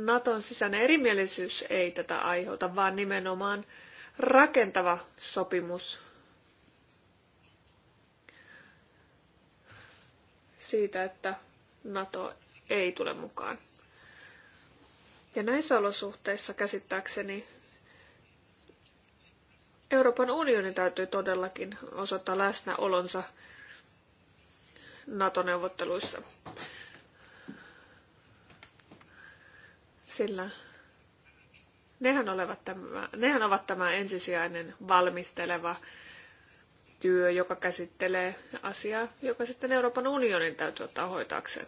Naton sisäinen erimielisyys ei tätä aiheuta, vaan nimenomaan rakentava sopimus siitä, että Nato ei tule mukaan. Ja näissä olosuhteissa käsittääkseni Euroopan unionin täytyy todellakin osoittaa läsnäolonsa NATO-neuvotteluissa. Sillä nehän, olevat tämä, nehän ovat tämä ensisijainen valmisteleva työ, joka käsittelee asiaa, joka sitten Euroopan unionin täytyy ottaa hoitaakseen.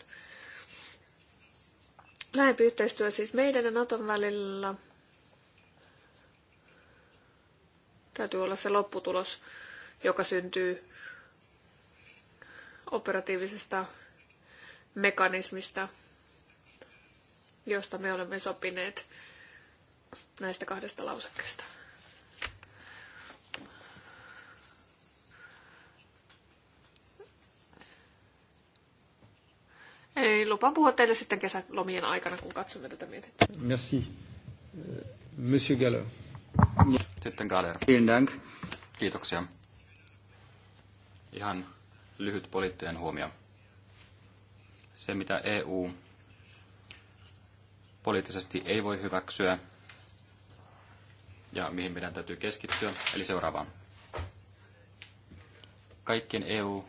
Lähempi yhteistyö siis meidän ja Naton välillä. Täytyy olla se lopputulos, joka syntyy operatiivisesta mekanismista, josta me olemme sopineet näistä kahdesta lausekkeesta. Eli lupaan puhua teille sitten kesälomien aikana, kun katsomme tätä mietintöä. Merci. Euh, Monsieur Galler. Sitten Galler. Kiitoksia. Ihan lyhyt poliittinen huomio. Se, mitä EU poliittisesti ei voi hyväksyä ja mihin meidän täytyy keskittyä, eli seuraavaan. Kaikkien EU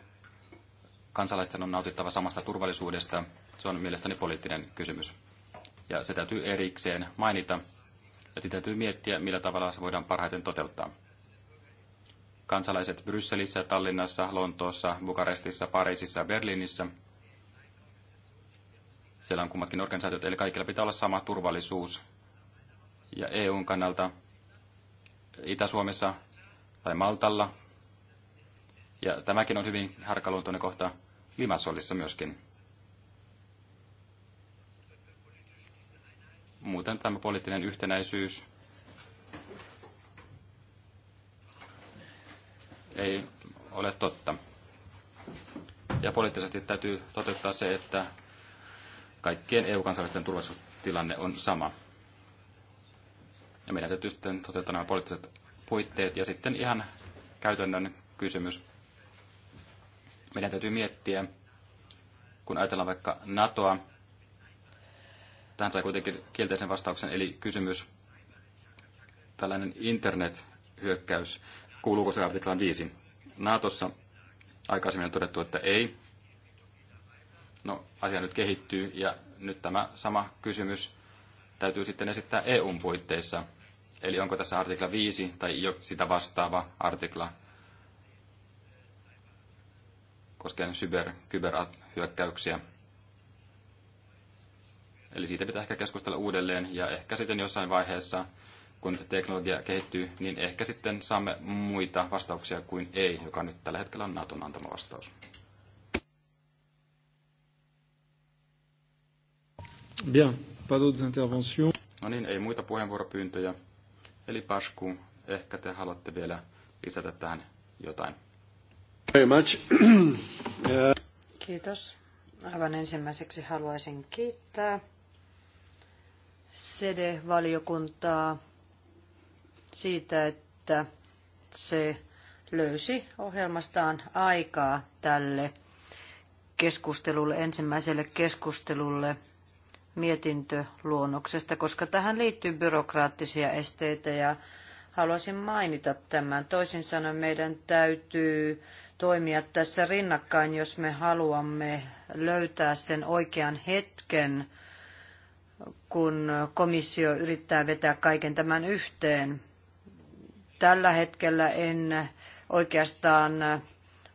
kansalaisten on nautittava samasta turvallisuudesta. Se on mielestäni poliittinen kysymys. Ja se täytyy erikseen mainita, ja sitä täytyy miettiä, millä tavalla se voidaan parhaiten toteuttaa. Kansalaiset Brysselissä, Tallinnassa, Lontoossa, Bukarestissa, Pariisissa ja Berliinissä siellä on kummatkin organisaatiot, eli kaikilla pitää olla sama turvallisuus. Ja EUn kannalta Itä-Suomessa tai Maltalla, ja tämäkin on hyvin harkaluontoinen kohta, Limassolissa myöskin. Muuten tämä poliittinen yhtenäisyys ei ole totta. Ja poliittisesti täytyy toteuttaa se, että kaikkien eu kansallisten turvallisuustilanne on sama. Ja meidän täytyy sitten toteuttaa nämä poliittiset puitteet ja sitten ihan käytännön kysymys. Meidän täytyy miettiä, kun ajatellaan vaikka NATOa, tähän sai kuitenkin kielteisen vastauksen, eli kysymys, tällainen internethyökkäys, kuuluuko se artiklaan 5? NATOssa aikaisemmin on todettu, että ei. No, asia nyt kehittyy ja nyt tämä sama kysymys täytyy sitten esittää EUn puitteissa. Eli onko tässä artikla 5 tai jo sitä vastaava artikla koskien cyber, kyberhyökkäyksiä. Eli siitä pitää ehkä keskustella uudelleen ja ehkä sitten jossain vaiheessa, kun teknologia kehittyy, niin ehkä sitten saamme muita vastauksia kuin ei, joka nyt tällä hetkellä on Naton antama vastaus. Bien, pas d'autres interventions. No niin, ei muita puheenvuoropyyntöjä. Eli Pasku, ehkä te haluatte vielä lisätä tähän jotain. Kiitos. Aivan ensimmäiseksi haluaisin kiittää SEDE-valiokuntaa siitä, että se löysi ohjelmastaan aikaa tälle keskustelulle, ensimmäiselle keskustelulle mietintöluonnoksesta, koska tähän liittyy byrokraattisia esteitä ja haluaisin mainita tämän. Toisin sanoen meidän täytyy toimia tässä rinnakkain, jos me haluamme löytää sen oikean hetken, kun komissio yrittää vetää kaiken tämän yhteen. Tällä hetkellä en oikeastaan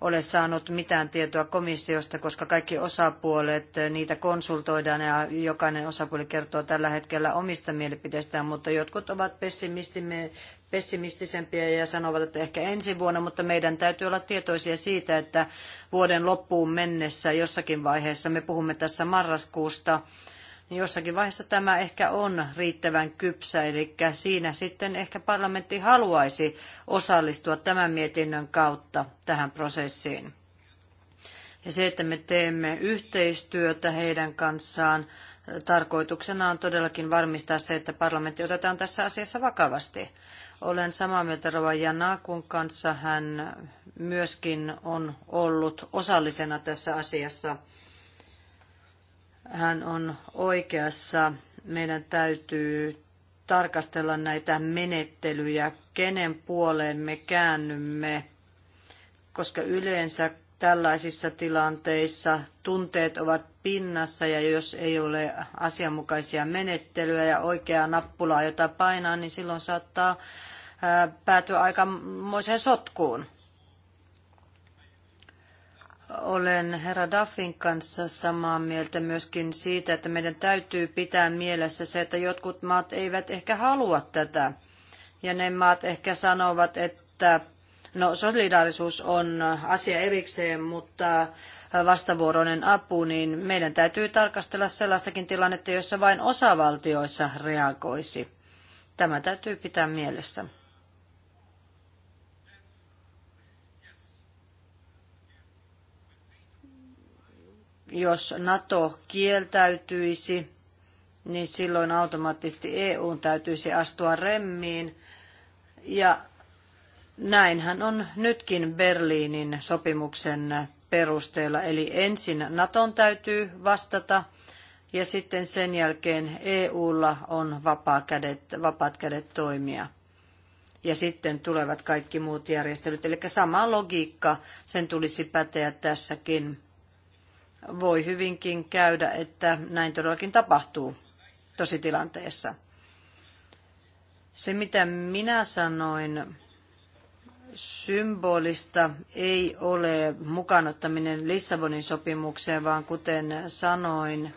ole saanut mitään tietoa komissiosta, koska kaikki osapuolet, eh, niitä konsultoidaan ja jokainen osapuoli kertoo tällä hetkellä omista mielipiteistään, mutta jotkut ovat pessimistisempiä ja sanovat, että ehkä ensi vuonna, mutta meidän täytyy olla tietoisia siitä, että vuoden loppuun mennessä jossakin vaiheessa, me puhumme tässä marraskuusta, niin jossakin vaiheessa tämä ehkä on riittävän kypsä, eli siinä sitten ehkä parlamentti haluaisi osallistua tämän mietinnön kautta tähän prosessiin. Ja se, että me teemme yhteistyötä heidän kanssaan, tarkoituksena on todellakin varmistaa se, että parlamentti otetaan tässä asiassa vakavasti. Olen samaa mieltä Rova Janakun kanssa. Hän myöskin on ollut osallisena tässä asiassa hän on oikeassa. Meidän täytyy tarkastella näitä menettelyjä, kenen puoleen me käännymme, koska yleensä tällaisissa tilanteissa tunteet ovat pinnassa ja jos ei ole asianmukaisia menettelyjä ja oikeaa nappulaa, jota painaa, niin silloin saattaa päätyä aikamoiseen sotkuun. Olen herra Duffin kanssa samaa mieltä myöskin siitä, että meidän täytyy pitää mielessä se, että jotkut maat eivät ehkä halua tätä. Ja ne maat ehkä sanovat, että no, solidaarisuus on asia erikseen, mutta vastavuoroinen apu, niin meidän täytyy tarkastella sellaistakin tilannetta, jossa vain osa valtioista reagoisi. Tämä täytyy pitää mielessä. Jos NATO kieltäytyisi, niin silloin automaattisesti EU täytyisi astua remmiin. Ja näinhän on nytkin Berliinin sopimuksen perusteella. Eli ensin Naton täytyy vastata ja sitten sen jälkeen EUlla on vapaa kädet, vapaat kädet toimia. Ja sitten tulevat kaikki muut järjestelyt. Eli sama logiikka, sen tulisi päteä tässäkin voi hyvinkin käydä, että näin todellakin tapahtuu tositilanteessa. Se, mitä minä sanoin symbolista, ei ole mukanottaminen Lissabonin sopimukseen, vaan kuten sanoin,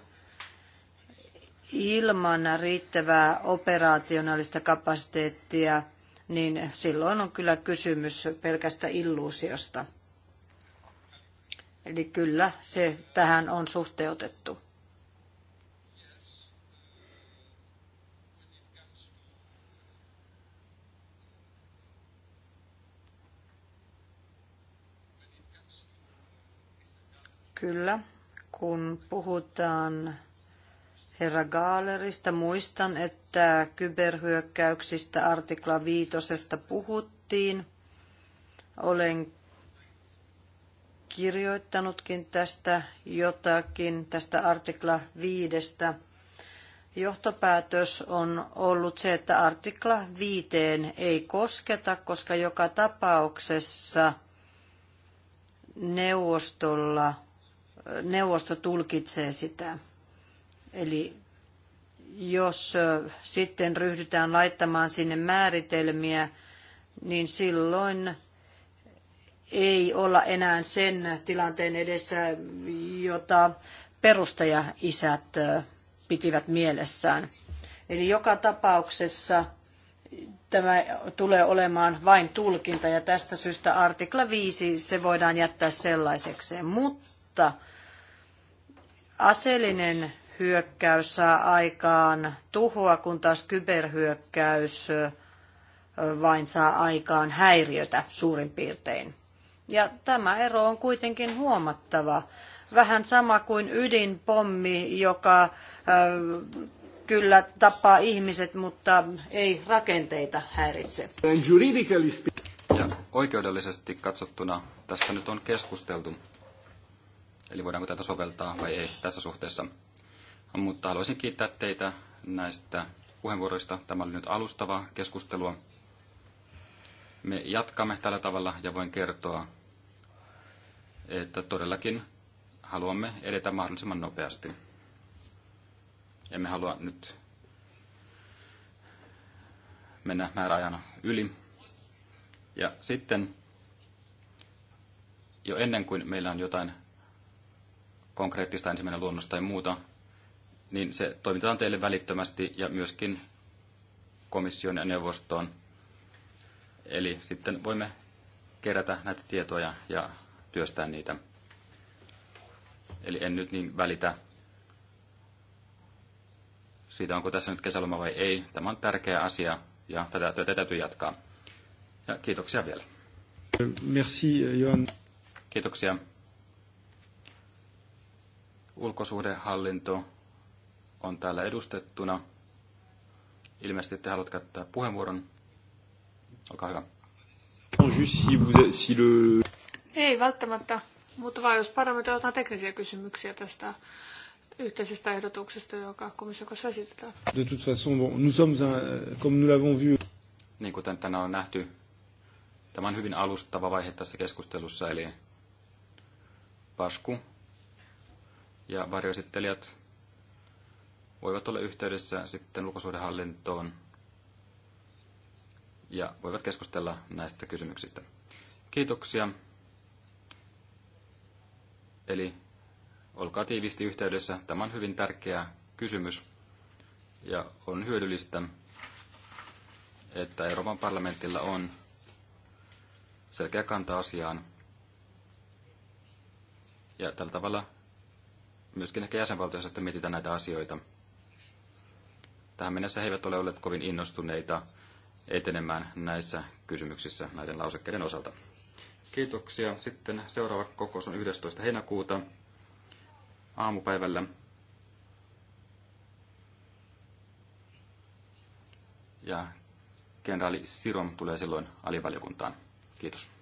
ilman riittävää operationaalista kapasiteettia, niin silloin on kyllä kysymys pelkästä illuusiosta. Eli kyllä se tähän on suhteutettu. Kyllä, kun puhutaan herra Gaalerista, muistan, että kyberhyökkäyksistä artikla viitosesta puhuttiin. Olen kirjoittanutkin tästä jotakin, tästä artikla viidestä. Johtopäätös on ollut se, että artikla viiteen ei kosketa, koska joka tapauksessa neuvostolla, neuvosto tulkitsee sitä. Eli jos sitten ryhdytään laittamaan sinne määritelmiä, niin silloin ei olla enää sen tilanteen edessä, jota perustaja-isät pitivät mielessään. Eli joka tapauksessa tämä tulee olemaan vain tulkinta ja tästä syystä artikla 5 se voidaan jättää sellaisekseen. Mutta aseellinen hyökkäys saa aikaan tuhoa, kun taas kyberhyökkäys vain saa aikaan häiriötä suurin piirtein. Ja tämä ero on kuitenkin huomattava. Vähän sama kuin ydinpommi, joka äh, kyllä tappaa ihmiset, mutta ei rakenteita häiritse. Ja oikeudellisesti katsottuna tästä nyt on keskusteltu. Eli voidaanko tätä soveltaa vai ei tässä suhteessa. Mutta haluaisin kiittää teitä näistä puheenvuoroista. Tämä oli nyt alustavaa keskustelua. Me jatkamme tällä tavalla ja voin kertoa että todellakin haluamme edetä mahdollisimman nopeasti. Emme halua nyt mennä määräajan yli. Ja sitten jo ennen kuin meillä on jotain konkreettista ensimmäinen luonnos tai muuta, niin se toimitetaan teille välittömästi ja myöskin komission ja neuvostoon. Eli sitten voimme kerätä näitä tietoja ja työstää niitä. Eli en nyt niin välitä siitä, onko tässä nyt kesäloma vai ei. Tämä on tärkeä asia ja tätä työtä täytyy jatkaa. Ja kiitoksia vielä. Merci, Johan. Kiitoksia. Ulkosuhdehallinto on täällä edustettuna. Ilmeisesti te haluat käyttää puheenvuoron. Olkaa hyvä. Juste si vous, si le... Ei välttämättä, mutta vain jos parametri jotain teknisiä kysymyksiä tästä yhteisestä ehdotuksesta, joka komissio kanssa esitetään. De toute façon, bon, nous sommes un, comme nous l'avons vu. Niin kuten tänään on nähty, tämä on hyvin alustava vaihe tässä keskustelussa, eli Pasku ja varjoesittelijät voivat olla yhteydessä sitten ulkosuhdehallintoon ja voivat keskustella näistä kysymyksistä. Kiitoksia Eli olkaa tiivisti yhteydessä. Tämä on hyvin tärkeä kysymys ja on hyödyllistä, että Euroopan parlamentilla on selkeä kanta asiaan. Ja tällä tavalla myöskin ehkä jäsenvaltioissa että mietitään näitä asioita. Tähän mennessä he eivät ole olleet kovin innostuneita etenemään näissä kysymyksissä näiden lausekkeiden osalta. Kiitoksia. Sitten seuraava kokous on 11. heinäkuuta aamupäivällä. Ja kenraali Sirom tulee silloin alivaliokuntaan. Kiitos.